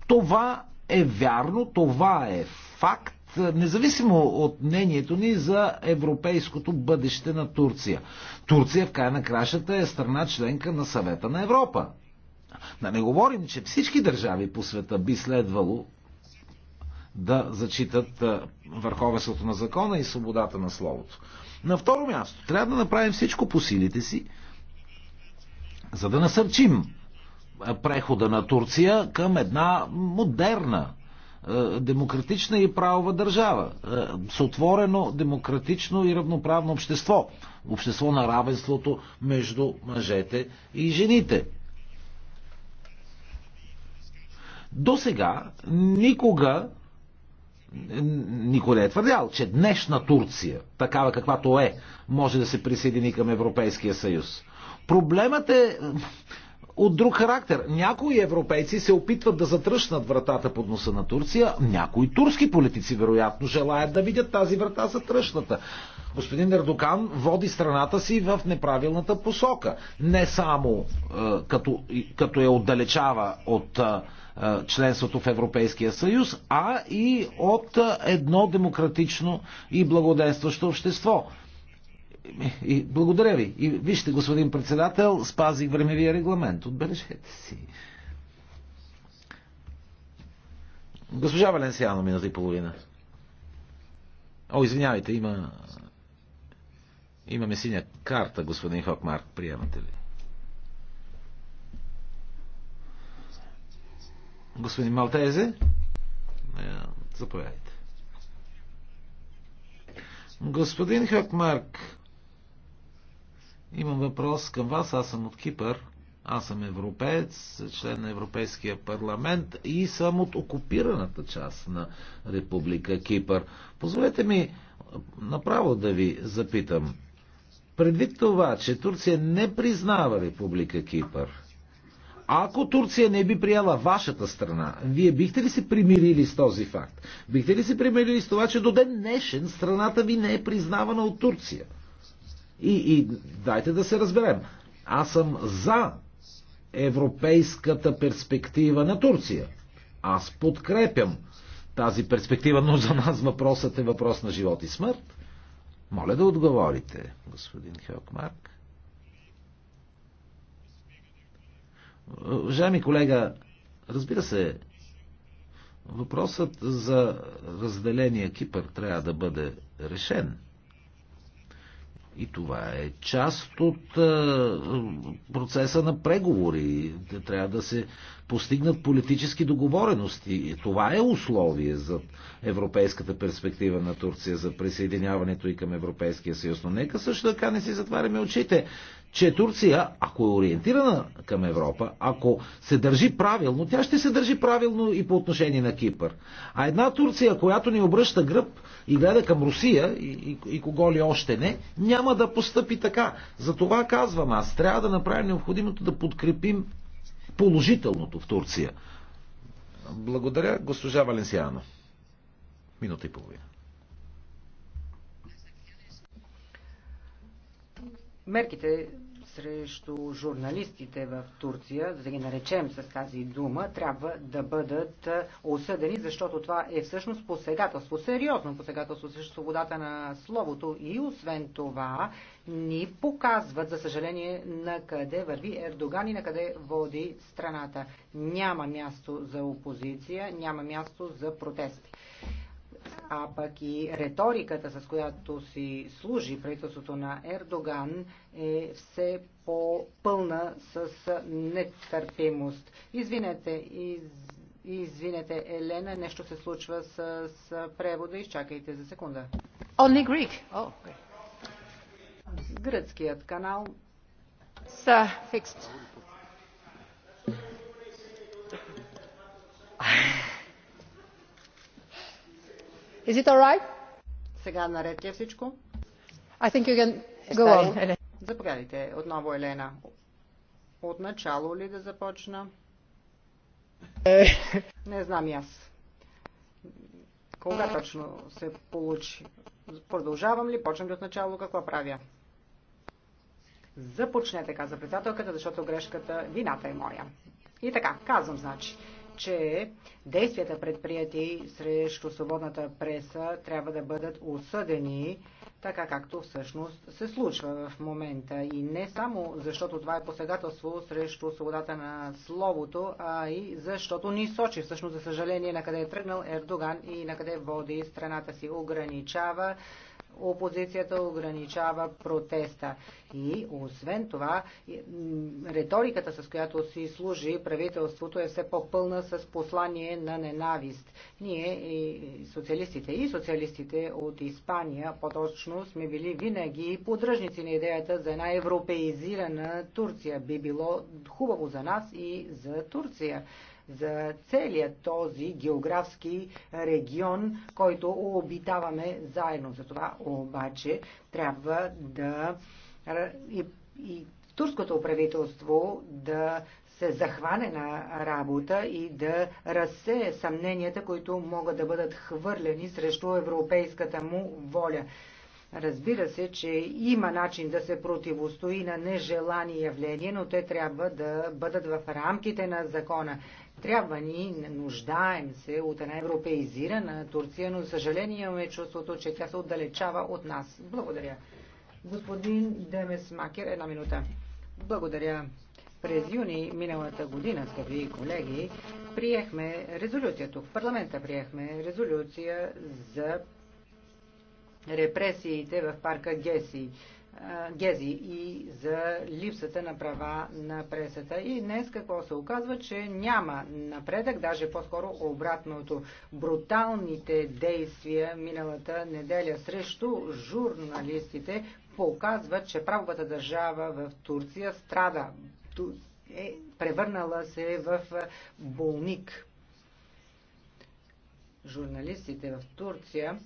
Това е вярно, това е факт независимо от мнението ни за европейското бъдеще на Турция. Турция в край на кращата е страна членка на съвета на Европа. Да не говорим, че всички държави по света би следвало да зачитат върховенството на закона и свободата на словото. На второ място, трябва да направим всичко по силите си, за да насърчим прехода на Турция към една модерна е, демократична и правова държава, е, с отворено демократично и равноправно общество, общество на равенството между мъжете и жените. До сега никога никой не е твърдял, че днешна Турция, такава каквато е, може да се присъедини към Европейския съюз. Проблемът е от друг характер. Някои европейци се опитват да затръщнат вратата под носа на Турция, някои турски политици вероятно желаят да видят тази врата затръщната. Господин Ердокан води страната си в неправилната посока. Не само е, като, като я отдалечава от е, е, членството в Европейския съюз, а и от едно демократично и благоденстващо общество. И благодаря ви. И вижте, господин председател, спазих времевия регламент. Отбележете си. Госпожа Валенсиано, минута и половина. О, извинявайте, има... Имаме синя карта, господин Хокмарк. Приемате ли? Господин Малтезе, е, заповядайте. Господин Хокмарк, Имам въпрос към вас. Аз съм от Кипър. Аз съм европеец, член на Европейския парламент и съм от окупираната част на Република Кипър. Позволете ми направо да ви запитам. Предвид това, че Турция не признава Република Кипър, ако Турция не би приела вашата страна, вие бихте ли се примирили с този факт? Бихте ли се примирили с това, че до ден днешен страната ви не е признавана от Турция? И, и дайте да се разберем. Аз съм за европейската перспектива на Турция. Аз подкрепям тази перспектива, но за нас въпросът е въпрос на живот и смърт. Моля да отговорите, господин Хелкмарк. Уважаеми колега, разбира се, въпросът за разделение Кипър трябва да бъде решен. И това е част от е, процеса на преговори. Трябва да се постигнат политически договорености. И това е условие за европейската перспектива на Турция, за присъединяването и към Европейския съюз. Но нека също така не си затваряме очите, че Турция, ако е ориентирана към Европа, ако се държи правилно, тя ще се държи правилно и по отношение на Кипър. А една Турция, която ни обръща гръб и гледа към Русия и, и, и кого ли още не, няма да постъпи така. Затова казвам аз, трябва да направим необходимото да подкрепим положителното в Турция. Благодаря, госпожа Валенсиано. Минута и половина. мерките срещу журналистите в Турция, за да ги наречем с тази дума, трябва да бъдат осъдени, защото това е всъщност посегателство, сериозно посегателство срещу свободата на словото и освен това ни показват, за съжаление, на къде върви Ердоган и на къде води страната. Няма място за опозиция, няма място за протести а пък и риториката, с която си служи правителството на Ердоган, е все по-пълна с нетърпимост. Извинете, из... извинете, Елена, нещо се случва с, с превода. Изчакайте за секунда. Only Greek. Oh, okay. Гръцкият канал. Са, фикс. Is it all right? Сега наред ли е всичко? I think you can е, go on, Заповядайте отново, Елена. От начало ли да започна? Е. Не знам и аз. Кога точно се получи? Продължавам ли? Почвам ли от начало? Какво правя? Започнете, каза председателката, защото грешката, вината е моя. И така, казвам, значи че действията предприяти срещу свободната преса трябва да бъдат осъдени така както всъщност се случва в момента. И не само защото това е посегателство срещу свободата на словото, а и защото ни сочи всъщност, за съжаление, на къде е тръгнал Ердоган и на къде води страната си. Ограничава опозицията ограничава протеста. И освен това, риториката, с която си служи правителството, е все по-пълна с послание на ненавист. Ние, и социалистите и социалистите от Испания, по-точно сме били винаги подръжници на идеята за една европеизирана Турция. Би било хубаво за нас и за Турция за целият този географски регион, който обитаваме заедно. За това обаче трябва да и, и турското правителство да се захване на работа и да разсее съмненията, които могат да бъдат хвърлени срещу европейската му воля. Разбира се, че има начин да се противостои на нежелани явления, но те трябва да бъдат в рамките на закона. Трябва ни, нуждаем се от една европеизирана Турция, но за съжаление имаме чувството, че тя се отдалечава от нас. Благодаря. Господин Демес Макер, една минута. Благодаря. През юни миналата година, скъпи колеги, приехме резолюция тук. В парламента приехме резолюция за репресиите в парка Геси. Гези и за липсата на права на пресата. И днес какво се оказва, че няма напредък, даже по-скоро обратното. Бруталните действия миналата неделя срещу журналистите показват, че правовата държава в Турция страда. Е превърнала се в болник. Журналистите в Турция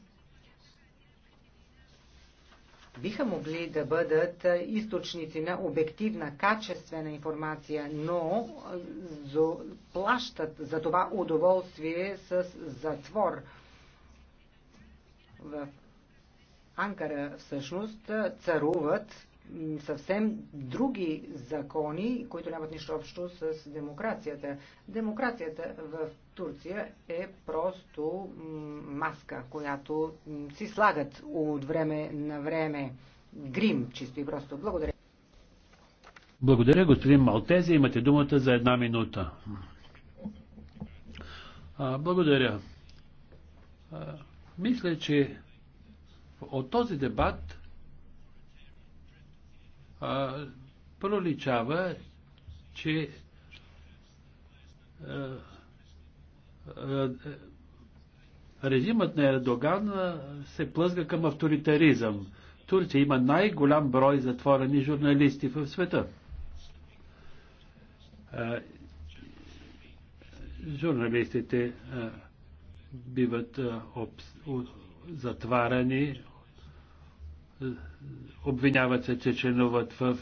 биха могли да бъдат източници на обективна, качествена информация, но плащат за това удоволствие с затвор. В Анкара всъщност царуват съвсем други закони, които нямат нищо общо с демокрацията. Демокрацията в Турция е просто маска, която си слагат от време на време. Грим, чисто и просто. Благодаря. Благодаря, господин Малтези. Имате думата за една минута. А, благодаря. А, мисля, че от този дебат проличава, че режимът на Ердоган се плъзга към авторитаризъм. Турция има най-голям брой затворени журналисти в света. Журналистите биват затварани, Обвиняват се, че членуват в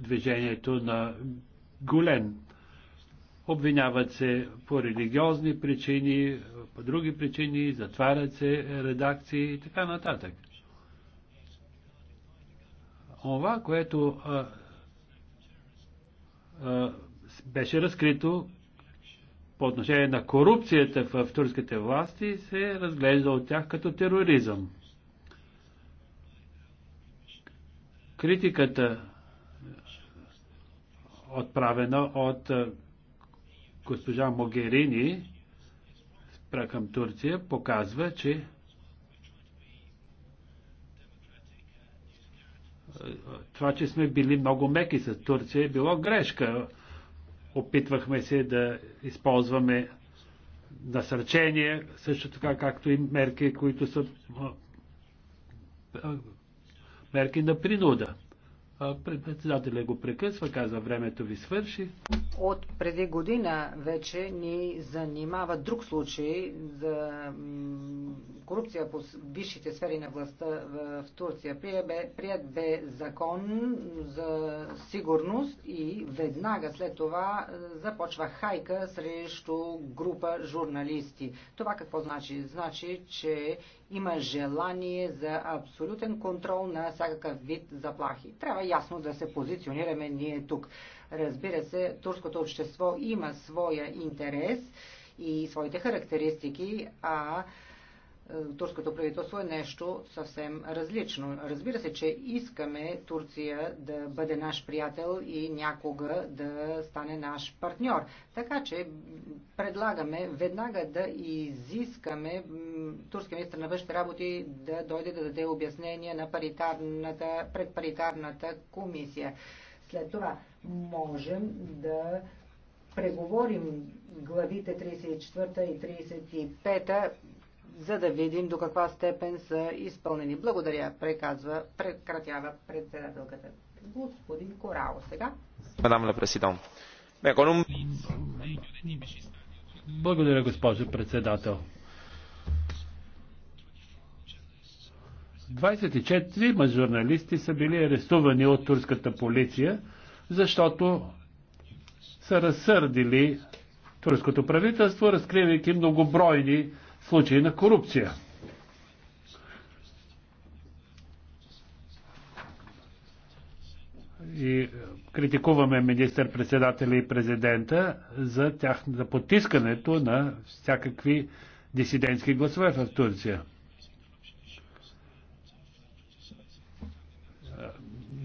движението на Гулен. Обвиняват се по религиозни причини, по други причини, затварят се редакции и така нататък. Това, което а, а, беше разкрито по отношение на корупцията в турските власти, се разглежда от тях като тероризъм. Критиката, е, отправена от е, госпожа Могерини към Турция, показва, че е, това, че сме били много меки с Турция, е било грешка. Опитвахме се да използваме насърчение, също така както и мерки, които са мерки на принуда. Председателя го прекъсва, каза времето ви свърши. От преди година вече ни занимава друг случай за корупция по висшите сфери на властта в Турция. Прият бе, прият бе закон за сигурност и веднага след това е, започва хайка срещу група журналисти. Това какво значи? Значи, че има желание за абсолютен контрол на всякакъв вид заплахи. Трябва ясно да се позиционираме ние тук. Разбира се, турското общество има своя интерес и своите характеристики, а е, турското правителство е нещо съвсем различно. Разбира се, че искаме Турция да бъде наш приятел и някога да стане наш партньор. Така че предлагаме веднага да изискаме турския министр на външните работи да дойде да даде обяснение на паритарната, предпаритарната комисия. След това можем да преговорим главите 34 и 35 за да видим до каква степен са изпълнени. Благодаря, преказва, прекратява председателката. Господин Корао, сега. Мадам ла президент. Благодаря, госпожо председател. 24 журналисти са били арестувани от турската полиция, защото са разсърдили турското правителство, разкривайки многобройни случаи на корупция. И е, критикуваме министър-председателя и президента за, тях, за потискането на всякакви дисидентски гласове в Турция.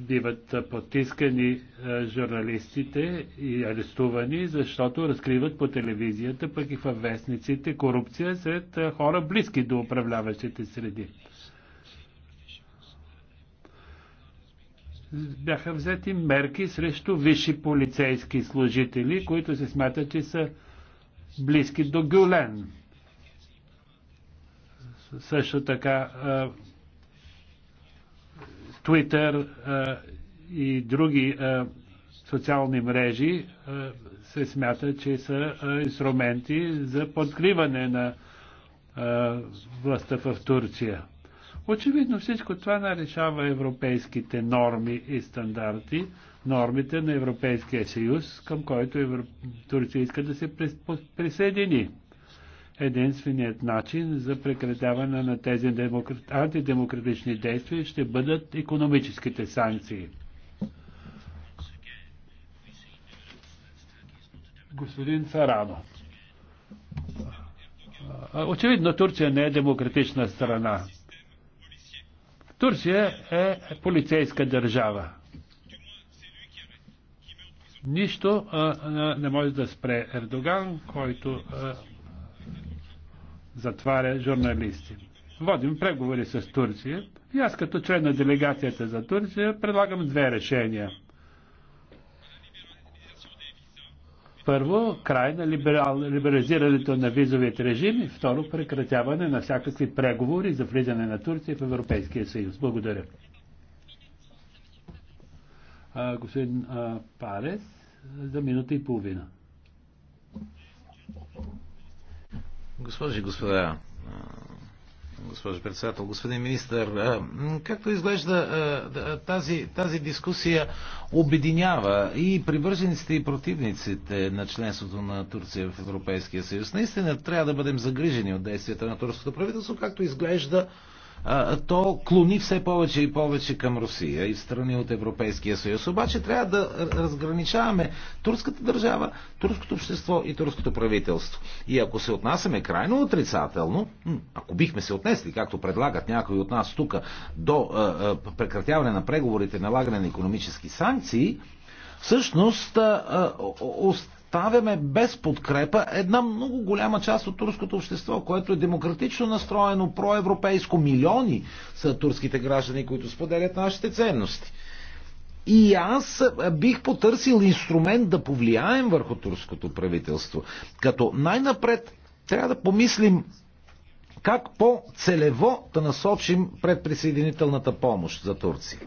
биват потискани е, журналистите и арестувани, защото разкриват по телевизията, пък и във вестниците, корупция сред е, хора близки до управляващите среди. Бяха взети мерки срещу висши полицейски служители, които се смятат, че са близки до Гюлен. Също така е, Twitter е, и други е, социални мрежи е, се смята, че са инструменти за подкриване на властта в Турция. Очевидно всичко това нарешава европейските норми и стандарти, нормите на Европейския съюз, към който Европ... Турция иска да се присъедини единственият начин за прекратяване на тези антидемократични действия ще бъдат економическите санкции. Господин Сарано. Очевидно Турция не е демократична страна. Турция е полицейска държава. Нищо а, а, не може да спре Ердоган, който а, затваря журналисти. Водим преговори с Турция и аз като член на делегацията за Турция предлагам две решения. Първо, край на либерал, либерализирането на визовият режим и второ, прекратяване на всякакви преговори за влизане на Турция в Европейския съюз. Благодаря. А, господин а, Парес, за минута и половина. Госпожи и господа, госпожи председател, господин министр, както изглежда тази, тази дискусия обединява и привържениците и противниците на членството на Турция в Европейския съюз. Наистина трябва да бъдем загрижени от действията на турското правителство, както изглежда то клони все повече и повече към Русия и в страни от Европейския съюз. Обаче трябва да разграничаваме турската държава, турското общество и турското правителство. И ако се отнасяме крайно отрицателно, ако бихме се отнесли, както предлагат някои от нас тук, до прекратяване на преговорите, налагане на економически санкции, всъщност оставяме без подкрепа една много голяма част от турското общество, което е демократично настроено, проевропейско. Милиони са турските граждани, които споделят нашите ценности. И аз бих потърсил инструмент да повлияем върху турското правителство. Като най-напред трябва да помислим как по-целево да насочим предприсъединителната помощ за Турция.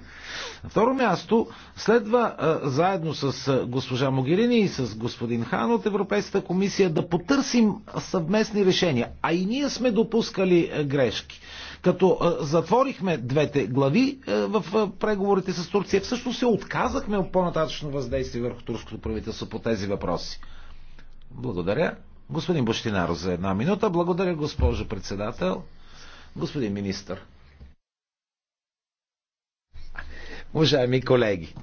На второ място, следва заедно с госпожа Могерини и с господин Хан от Европейската комисия да потърсим съвместни решения. А и ние сме допускали грешки. Като затворихме двете глави в преговорите с Турция, всъщност се отказахме от по-нататъчно въздействие върху турското правителство по тези въпроси. Благодаря. Господин Бощинаро, за една минута. Благодаря, госпожо председател. Господин министър. Уважаеми колеги,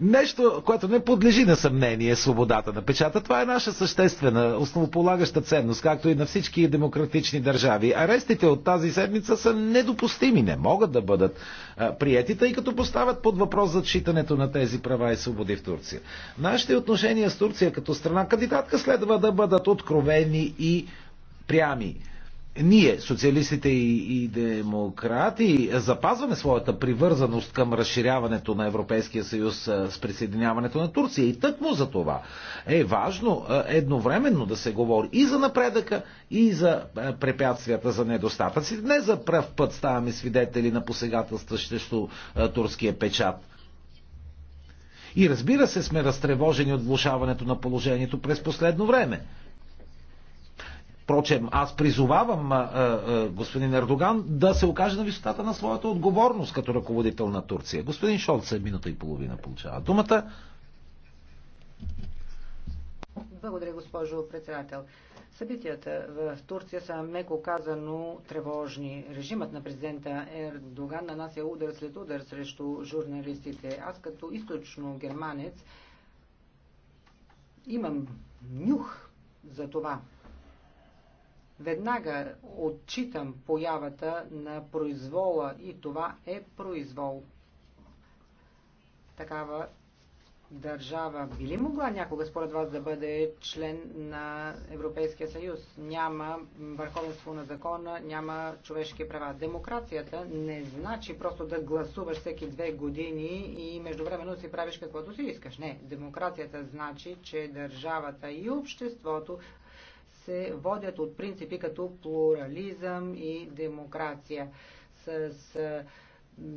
нещо, което не подлежи на съмнение свободата на печата. Това е наша съществена, основополагаща ценност, както и на всички демократични държави. Арестите от тази седмица са недопустими, не могат да бъдат приети, тъй като поставят под въпрос за читането на тези права и свободи в Турция. Нашите отношения с Турция като страна кандидатка следва да бъдат откровени и прями ние, социалистите и, и демократи, запазваме своята привързаност към разширяването на Европейския съюз с присъединяването на Турция. И тъкмо за това е важно едновременно да се говори и за напредъка, и за препятствията, за недостатъци. Не за пръв път ставаме свидетели на посегателства срещу турския печат. И разбира се, сме разтревожени от влушаването на положението през последно време. Впрочем, аз призовавам а, а, господин Ердоган да се окаже на висотата на своята отговорност като ръководител на Турция. Господин Шолц е минута и половина получава думата. Благодаря, госпожо председател. Събитията в Турция са меко казано тревожни. Режимът на президента Ердоган нанася удар след удар срещу журналистите. Аз като източно германец имам нюх за това Веднага отчитам появата на произвола и това е произвол. Такава държава би ли могла някога според вас да бъде член на Европейския съюз? Няма върховенство на закона, няма човешки права. Демокрацията не значи просто да гласуваш всеки две години и междувременно си правиш каквото си искаш. Не, демокрацията значи, че държавата и обществото се водят от принципи като плурализъм и демокрация. С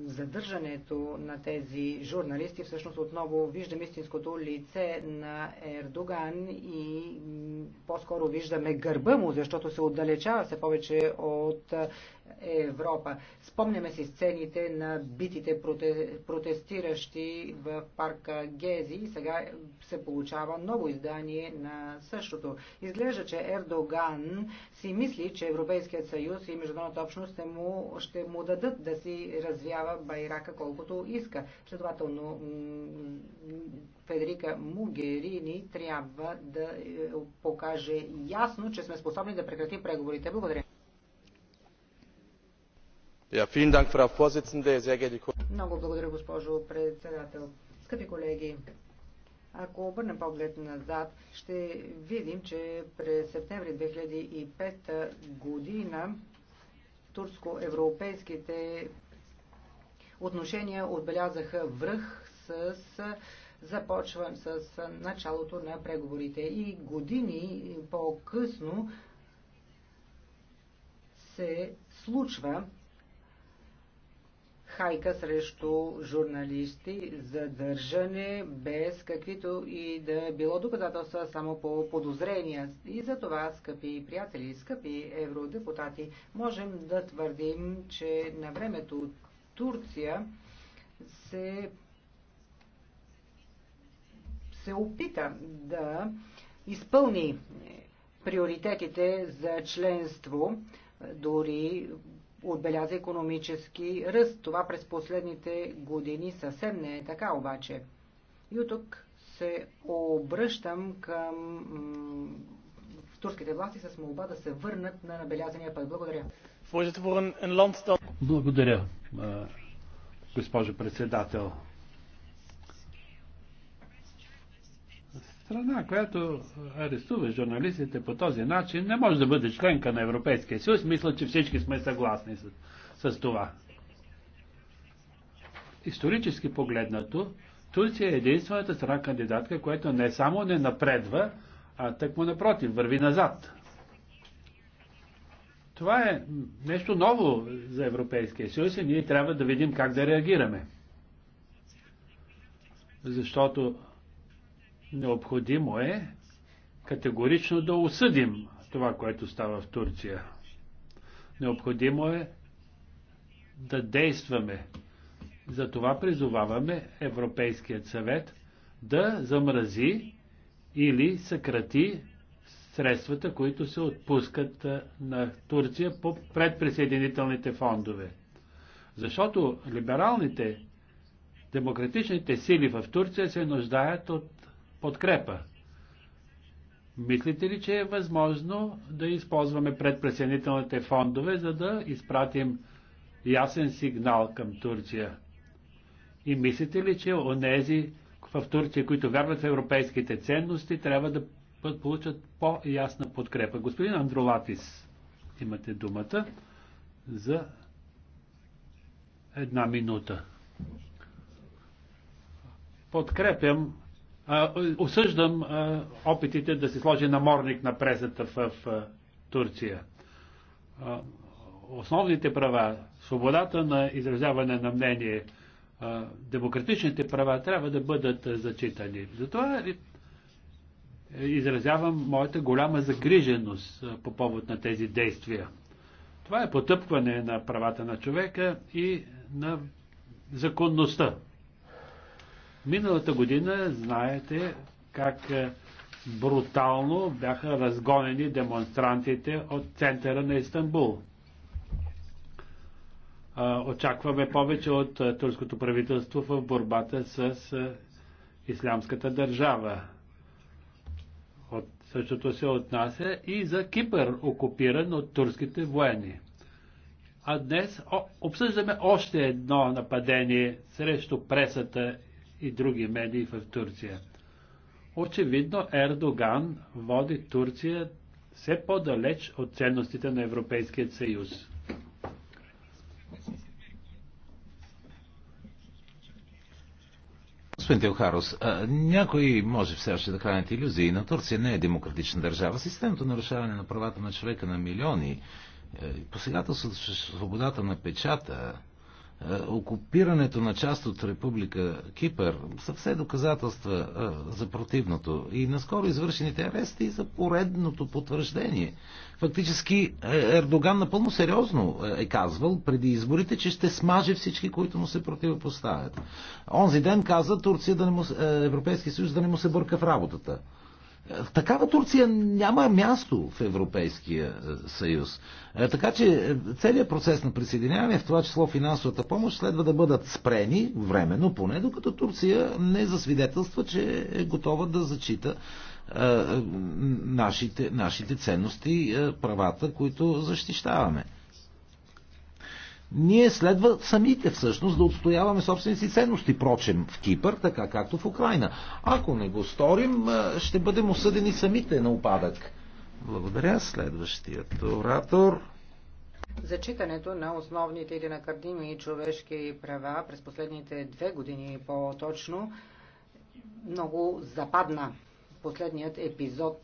задържането на тези журналисти всъщност отново виждам истинското лице на Ердоган и по-скоро виждаме гърба му, защото се отдалечава се повече от Европа. Спомняме си сцените на битите протестиращи в парка Гези и сега се получава ново издание на същото. Изглежда, че Ердоган си мисли, че Европейският съюз и международната общност ще му, ще му дадат да си развява байрака колкото иска. Следователно, Федерика Мугерини трябва да е, покаже ясно, че сме способни да прекратим преговорите. Благодаря. Много благодаря, госпожо председател. Скъпи колеги, ако обърнем поглед назад, ще видим, че през септември 2005 година турско-европейските отношения отбелязаха връх с започвам с началото на преговорите. И години по-късно се случва хайка срещу журналисти, задържане без каквито и да било доказателства, само по подозрения. И за това, скъпи приятели, скъпи евродепутати, можем да твърдим, че на времето Турция се, се опита да изпълни приоритетите за членство, дори отбеляза економически ръст. Това през последните години съвсем не е така обаче. И от тук се обръщам към турските власти с молба да се върнат на набелязания път. Благодаря. Благодаря, госпожо председател. Страна, която е, арестува журналистите по този начин, не може да бъде членка на Европейския съюз. Мисля, че всички сме съгласни с, с това. Исторически погледнато, Турция е единствената страна кандидатка, която не само не напредва, а так му напротив, върви назад. Това е нещо ново за Европейския съюз и ние трябва да видим как да реагираме. Защото Необходимо е категорично да осъдим това, което става в Турция. Необходимо е да действаме. Затова призоваваме Европейският съвет да замрази или съкрати средствата, които се отпускат на Турция по предприсъединителните фондове. Защото либералните, демократичните сили в Турция се нуждаят от подкрепа. Мислите ли, че е възможно да използваме предпресенителните фондове, за да изпратим ясен сигнал към Турция? И мислите ли, че онези в Турция, които вярват в европейските ценности, трябва да получат по-ясна подкрепа? Господин Андролатис, имате думата за една минута. Подкрепям осъждам опитите да се сложи наморник на пресата в Турция. Основните права, свободата на изразяване на мнение, демократичните права трябва да бъдат зачитани. Затова е, изразявам моята голяма загриженост по повод на тези действия. Това е потъпкване на правата на човека и на законността. Миналата година, знаете, как е, брутално бяха разгонени демонстрантите от центъра на Истанбул. Очакваме повече от е, турското правителство в борбата с е, ислямската държава. От, същото се отнася и за Кипър, окупиран от турските воени. А днес обсъждаме още едно нападение срещу пресата и други медии в Турция. Очевидно Ердоган води Турция все по-далеч от ценностите на Европейския съюз. Господин Телхарос, някои може все още да хранят иллюзии, на Турция не е демократична държава. Системното нарушаване на правата на човека на милиони, е, посегателството свободата на печата, е, окупирането на част от Република Кипър са все доказателства е, за противното. И наскоро извършените арести за поредното потвърждение. Фактически е, Ердоган напълно сериозно е казвал преди изборите, че ще смаже всички, които му се противопоставят. Онзи ден каза Турция да не му, Европейски съюз да не му се бърка в работата. Такава Турция няма място в Европейския е, съюз. Е, така че е, целият процес на присъединяване, в това число финансовата помощ, следва да бъдат спрени временно, поне докато Турция не засвидетелства, че е готова да зачита нашите, нашите ценности, правата, които защищаваме ние следва самите всъщност да отстояваме собствени си ценности, прочем в Кипър, така както в Украина. Ако не го сторим, ще бъдем осъдени самите на опадък. Благодаря. Следващият оратор. Зачитането на основните или накърними човешки права през последните две години по-точно много западна. Последният епизод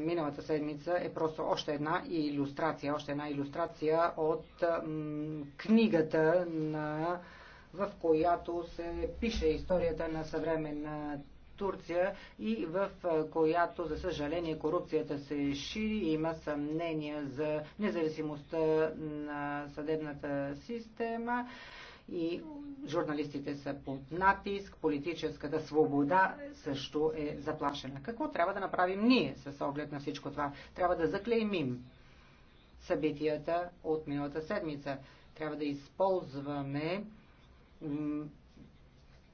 миналата седмица е просто още една иллюстрация, още една иллюстрация от книгата, на, в която се пише историята на съвременна Турция и в която, за съжаление, корупцията се шири. и Има съмнения за независимостта на съдебната система и журналистите са под натиск, политическата свобода също е заплашена. Какво трябва да направим ние с оглед на всичко това? Трябва да заклеймим събитията от миналата седмица. Трябва да използваме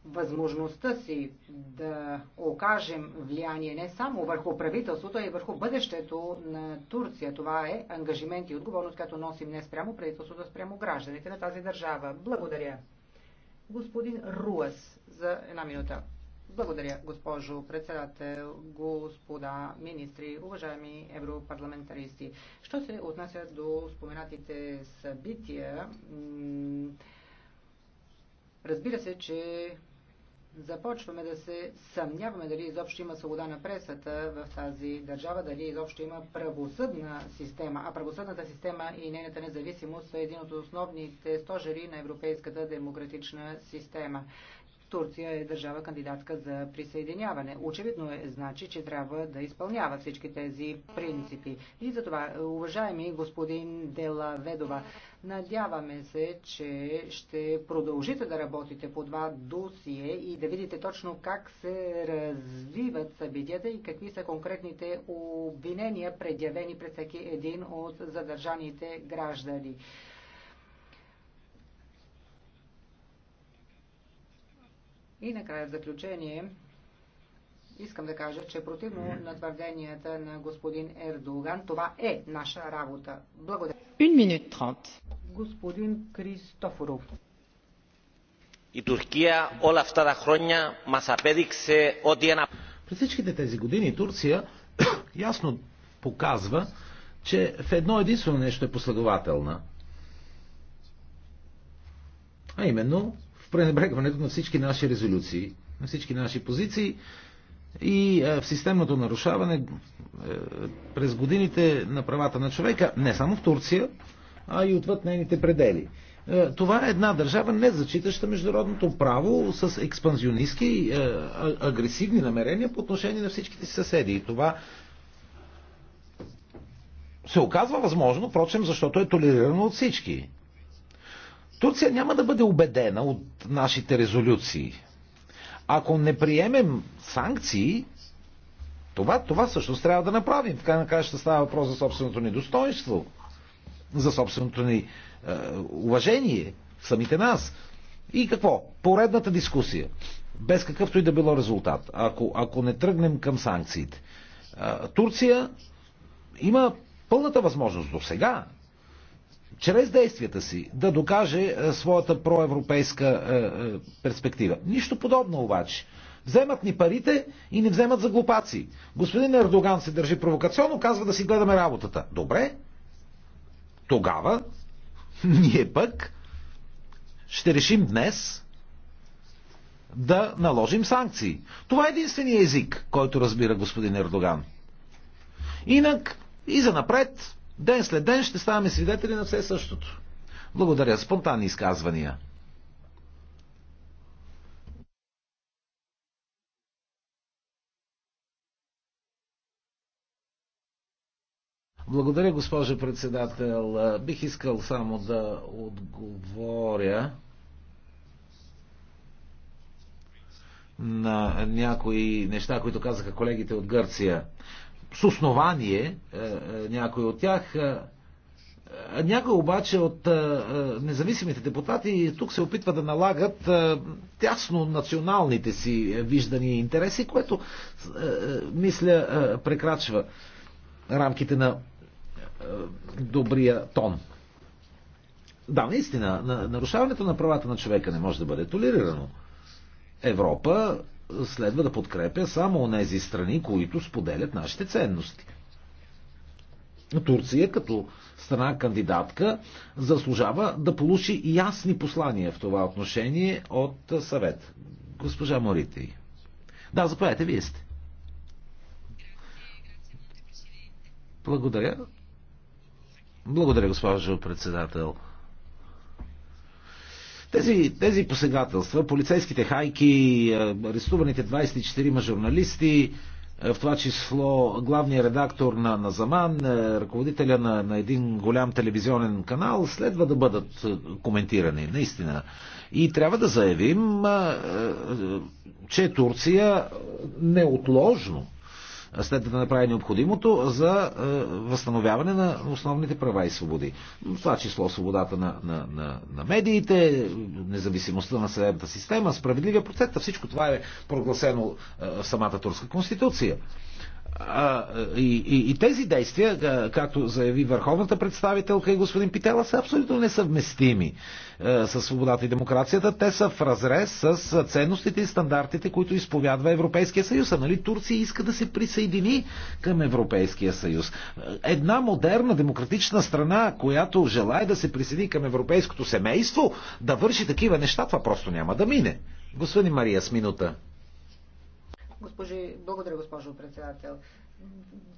възможността си да окажем влияние не само върху правителството, а и върху бъдещето на Турция. Това е ангажимент и отговорност, като носим не спрямо правителството, а спрямо гражданите на тази държава. Благодаря. Господин Руас, за една минута. Благодаря, госпожо председател, господа министри, уважаеми европарламентаристи. Що се отнася до споменатите събития, Разбира се, че започваме да се съмняваме дали изобщо има свобода на пресата в тази държава, дали изобщо има правосъдна система. А правосъдната система и нейната независимост са един от основните стожери на европейската демократична система. Турция е държава кандидатка за присъединяване. Очевидно е, значи, че трябва да изпълнява всички тези принципи. И за това, уважаеми господин Дела Ведова, надяваме се, че ще продължите да работите по два досие и да видите точно как се развиват събитията и какви са конкретните обвинения, предявени пред всеки един от задържаните граждани. И накрая в заключение искам да кажа, че противно на твърденията на господин Ердоган, това е наша работа. Благодаря. Господин Кристофоров. и Туркия όλα αυτά τα χρόνια μας απέδειξε През всичките тези години Турция ясно показва, че в едно единствено нещо е последователна. А именно пренебрегването на всички наши резолюции, на всички наши позиции и е, в системното нарушаване е, през годините на правата на човека, не само в Турция, а и отвъд нейните предели. Е, това е една държава, не зачитаща международното право, с експанзионистски, агресивни намерения по отношение на всичките си съседи. И това се оказва възможно, впрочем, защото е толерирано от всички. Турция няма да бъде убедена от нашите резолюции. Ако не приемем санкции, това, това всъщност трябва да направим. В крайна края ще става въпрос за собственото ни достоинство, за собственото ни е, уважение, самите нас. И какво? Поредната дискусия. Без какъвто и да било резултат. Ако, ако не тръгнем към санкциите. Е, Турция има пълната възможност до сега чрез действията си да докаже е, своята проевропейска е, е, перспектива. Нищо подобно обаче. Вземат ни парите и ни вземат за глупаци. Господин Ердоган се държи провокационно, казва да си гледаме работата. Добре. Тогава ние пък ще решим днес да наложим санкции. Това е единствения език, който разбира господин Ердоган. Инак и за напред Ден след ден ще ставаме свидетели на все същото. Благодаря. Спонтанни изказвания. Благодаря, госпожа председател. Бих искал само да отговоря на някои неща, които казаха колегите от Гърция с основание е, е, някои от тях. Е, някои обаче от независимите депутати тук се опитва да налагат тясно националните си виждания и интереси, което, мисля, прекрачва рамките на добрия тон. Да, наистина, нарушаването на правата на човека не може да бъде толерирано. Европа следва да подкрепя само онези страни, които споделят нашите ценности. Турция като страна кандидатка заслужава да получи ясни послания в това отношение от съвет. Госпожа Моритей. Да, заповядайте, вие сте. Благодаря. Благодаря, госпожо председател. Тези, тези посегателства, полицейските хайки, е, арестуваните 24 журналисти, е, в това число главният редактор на, на Заман, е, ръководителя на, на един голям телевизионен канал, следва да бъдат коментирани, наистина. И трябва да заявим, че Турция неотложно след да направи необходимото за е, възстановяване на основните права и свободи. В това число свободата на, на, на, на медиите, независимостта на съдебната система, справедливия процес. Всичко това е прогласено е, в самата турска конституция и, и, и тези действия, както заяви върховната представителка и господин Питела, са абсолютно несъвместими с свободата и демокрацията. Те са в разрез с ценностите и стандартите, които изповядва Европейския съюз. А нали Турция иска да се присъедини към Европейския съюз? Една модерна демократична страна, която желая да се присъедини към европейското семейство, да върши такива неща, това просто няма да мине. Господин Мария, с минута. Госпожи, благодаря, госпожо председател.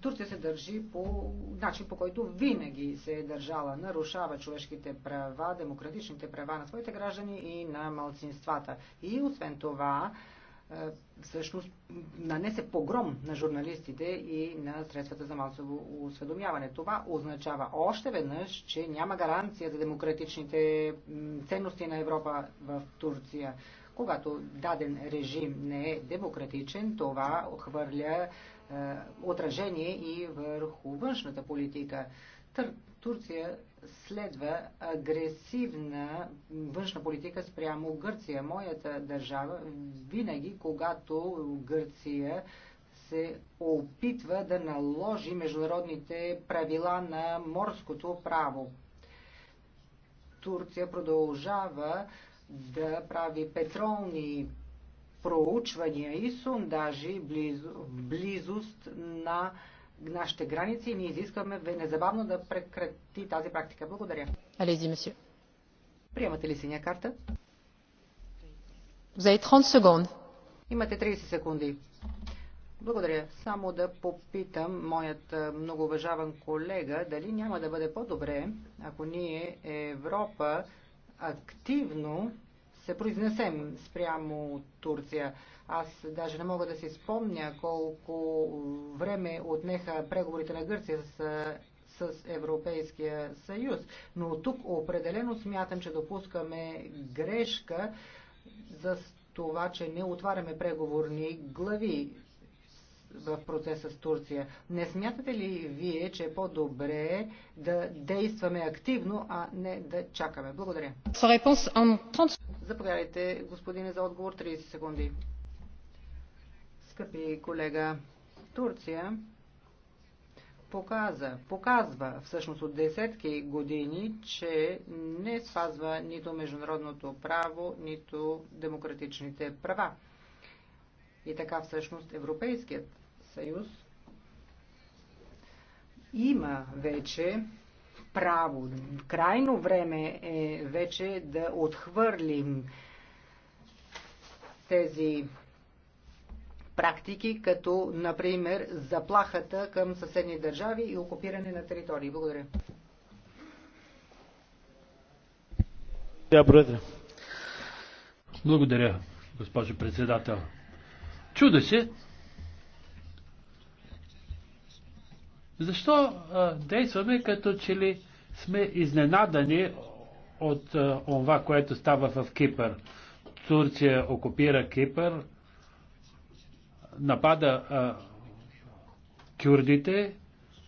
Турция се държи по начин, по който винаги се е държала. Нарушава човешките права, демократичните права на своите граждани и на малцинствата. И освен това, е, всъщност нанесе погром на журналистите и на средствата за масово осведомяване. Това означава още веднъж, че няма гаранция за демократичните ценности на Европа в Турция. Когато даден режим не е демократичен, това хвърля е, отражение и върху външната политика. Тър, Турция следва агресивна външна политика спрямо Гърция. Моята държава винаги, когато Гърция се опитва да наложи международните правила на морското право. Турция продължава да прави петролни проучвания и сондажи близо, в близост на нашите граници и ние изискваме незабавно да прекрати тази практика. Благодаря. Алези, месье. Приемате ли синя карта? За 30 секунд. Имате 30 секунди. Благодаря. Само да попитам моят много уважаван колега дали няма да бъде по-добре, ако ние Европа активно се произнесем спрямо Турция. Аз даже не мога да си спомня колко време отнеха преговорите на Гърция с, с Европейския съюз. Но тук определено смятам, че допускаме грешка за това, че не отваряме преговорни глави в процеса с Турция. Не смятате ли вие, че е по-добре да действаме активно, а не да чакаме? Благодаря. Заповядайте, господине, за отговор 30 секунди. Скъпи колега, Турция показа, показва всъщност от десетки години, че не спазва нито международното право, нито демократичните права. И така всъщност Европейският съюз има вече право, крайно време е вече да отхвърлим тези практики, като, например, заплахата към съседни държави и окупиране на територии. Благодаря. Благодаря, госпожо председател. Чудо се, Защо а, действаме като че ли сме изненадани от а, това, което става в Кипър? Турция окупира Кипър, напада а, кюрдите,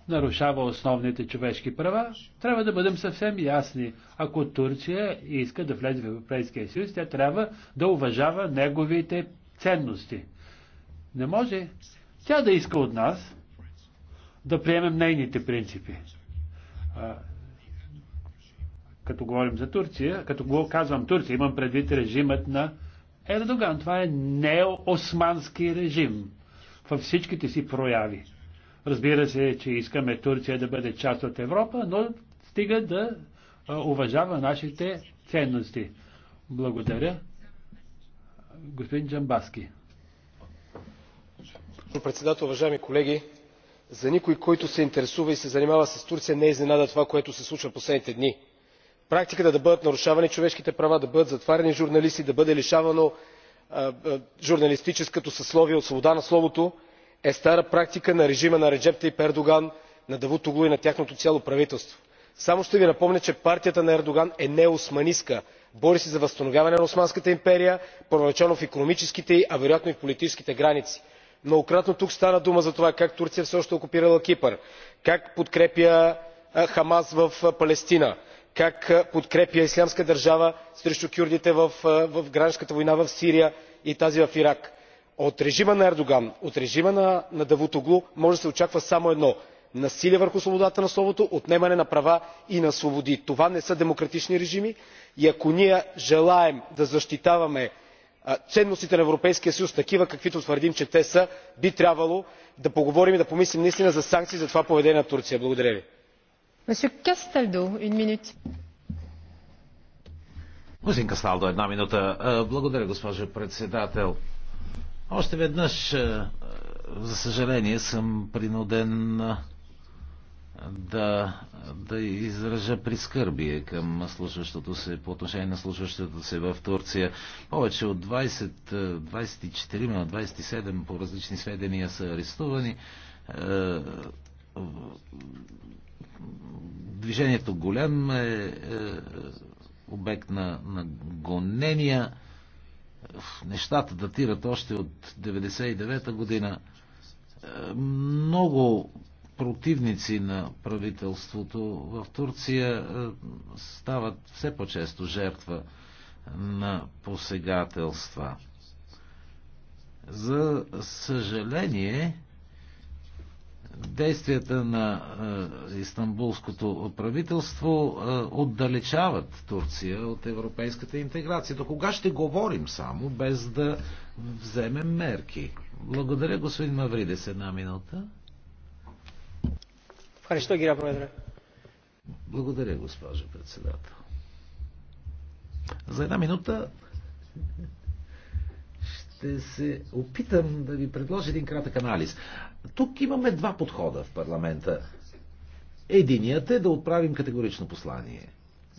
нарушава основните човешки права, трябва да бъдем съвсем ясни. Ако Турция иска да влезе в Европейския съюз, тя трябва да уважава неговите ценности. Не може тя да иска от нас да приемем нейните принципи. Като говорим за Турция, като го казвам Турция, имам предвид режимът на Ердоган. Това е неосмански режим във всичките си прояви. Разбира се, че искаме Турция да бъде част от Европа, но стига да уважава нашите ценности. Благодаря. Господин Джамбаски. Председател, уважаеми колеги, за никой който се интересува и се занимава с турция не е изненада това което се случва в последните дни. практиката да бъдат нарушавани човешките права да бъдат затваряни журналисти да бъде лишавано журналистическото съсловие от свобода на словото е стара практика на режима на реджеп тайип ердоган на давутоглу и на тяхното цяло правителство. само ще ви напомня че партията на ердоган е неоосманистка бори се за възстановяване на османската империя първоначално в икономическите а вероятно и в политическите граници многократно тук стана дума за това как турция все още е окупирала кипър как подкрепя хамас в палестина как подкрепя ислямска държава срещу кюрдите в гражданската война в сирия и тази в ирак. от режима на ердоган от режима на давутоглу може да се очаква само едно насилие върху свободата на словото отнемане на права и на свободи. това не са демократични режими и ако ние желаем да защитаваме ценностите на европейския съюз такива каквито твърдим че те са би трябвало да поговорим и да помислим наистина за санкции за това поведение на турция. благодаря ви. Господин Касталдо, една минута. Благодаря, госпожо председател. Още веднъж, за съжаление, съм принуден да, да изража прискърбие към слушащото се, по отношение на слушащото се в Турция. Повече от 20, 24 е, на 27 по различни сведения са арестувани. Е, движението голям е, е обект на, на гонения. Нещата датират още от 99-та година. Много противници на правителството в Турция е, стават все по-често жертва на посегателства. За съжаление, действията на е, истанбулското правителство е, отдалечават Турция от европейската интеграция. До кога ще говорим само, без да вземем мерки? Благодаря, господин Мавридес, една минута. Ευχαριστώ, κύριε Πρόεδρε. Благодаря, госпожо председател. За една минута ще се опитам да ви предложа един кратък анализ. Тук имаме два подхода в парламента. Единият е да отправим категорично послание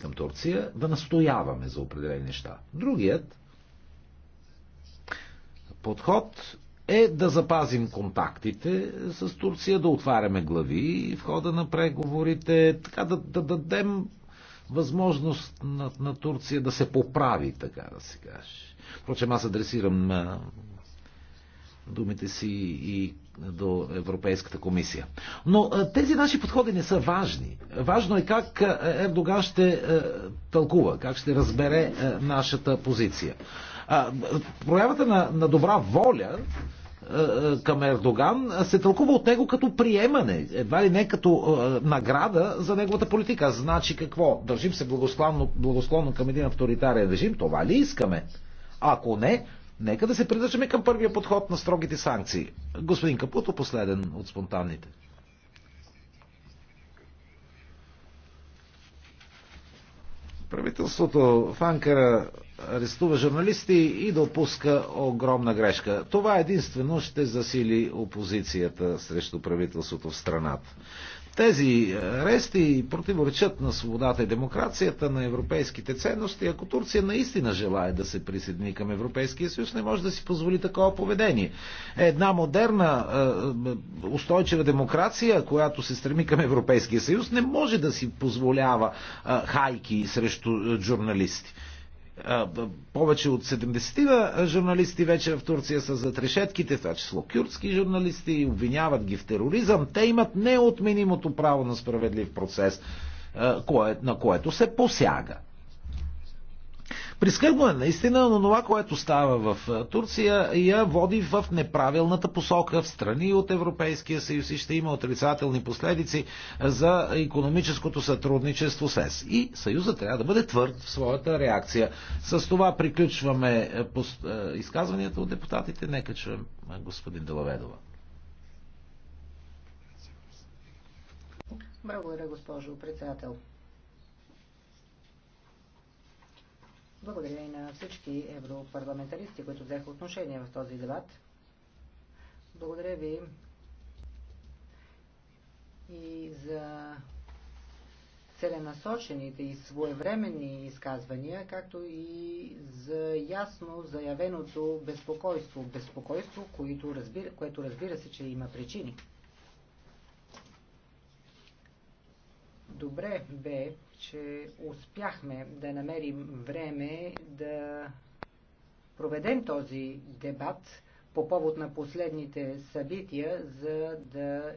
към Турция, да настояваме за определени неща. Другият подход е да запазим контактите с Турция, да отваряме глави в хода на преговорите, така да, да дадем възможност на, на Турция да се поправи, така да се каже. Впрочем, аз адресирам а, думите си и до Европейската комисия. Но а, тези наши подходи не са важни. Важно е как Ердоган ще а, тълкува, как ще разбере а, нашата позиция. А, проявата на, на добра воля към Ердоган се тълкува от него като приемане, едва ли не като е, награда за неговата политика. Значи какво? Държим се благосклонно, благосклонно към един авторитарен режим, това ли искаме? Ако не, нека да се придържаме към първия подход на строгите санкции. Господин Капуто, последен от спонтанните. Правителството в Анкара арестува журналисти и да опуска огромна грешка. Това единствено ще засили опозицията срещу правителството в страната. Тези арести противоречат на свободата и демокрацията, на европейските ценности. Ако Турция наистина желая да се присъедини към Европейския съюз, не може да си позволи такова поведение. Една модерна, устойчива демокрация, която се стреми към Европейския съюз, не може да си позволява хайки срещу журналисти повече от 70 журналисти вече в Турция са зад решетките, това число кюрдски журналисти, обвиняват ги в тероризъм. Те имат неотменимото право на справедлив процес, на което се посяга е наистина но това, което става в е, Турция, я води в неправилната посока в страни от Европейския съюз и ще има отрицателни последици за економическото сътрудничество с ЕС. И Съюза трябва да бъде твърд в своята реакция. С това приключваме е, е, изказванията от депутатите. Нека чуем господин Делаведова. Благодаря, госпожо председател. Благодаря и на всички европарламентаристи, които взеха отношение в този дебат. Благодаря ви и за целенасочените и своевременни изказвания, както и за ясно заявеното безпокойство. Безпокойство, което разбира, което разбира се, че има причини. Добре бе, че успяхме да намерим време да проведем този дебат по повод на последните събития, за да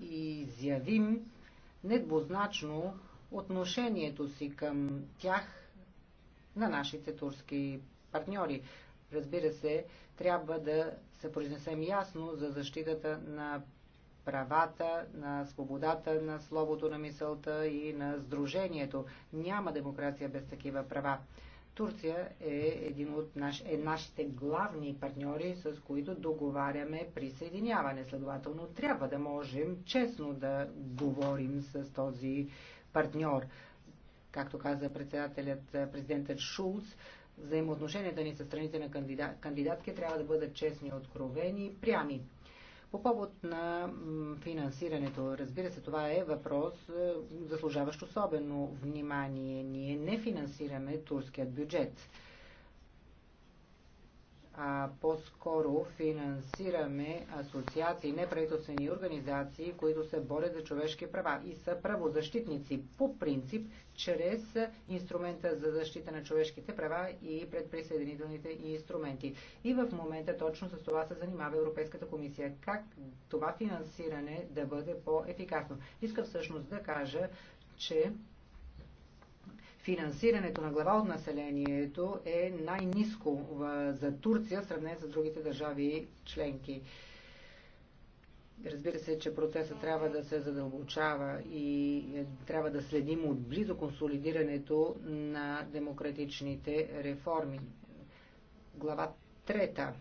изявим недвузначно отношението си към тях на нашите турски партньори. Разбира се, трябва да се произнесем ясно за защитата на правата, на свободата на словото на мисълта и на сдружението. Няма демокрация без такива права. Турция е един от наш, е нашите главни партньори, с които договаряме присъединяване. Следователно, трябва да можем честно да говорим с този партньор. Както каза председателят, президентът Шулц, взаимоотношенията ни с страните на кандидат, кандидатки трябва да бъдат честни, откровени и прями. По повод на финансирането, разбира се, това е въпрос, е, заслужаващ особено внимание. Ние не финансираме турският бюджет а по-скоро финансираме асоциации, неправителствени организации, които се борят за човешки права и са правозащитници по принцип, чрез инструмента за защита на човешките права и предприсъединителните инструменти. И в момента точно с това се занимава Европейската комисия. Как това финансиране да бъде по-ефикасно? Иска всъщност да кажа, че финансирането на глава от населението е най-низко за Турция, в сравнение с другите държави членки. Разбира се, че процесът трябва да се задълбочава и трябва да следим отблизо консолидирането на демократичните реформи. Глава трета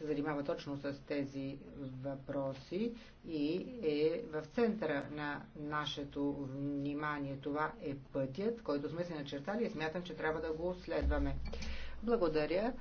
се занимава точно с тези въпроси и е в центъра на нашето внимание. Това е пътят, който сме се начертали и смятам, че трябва да го следваме. Благодаря.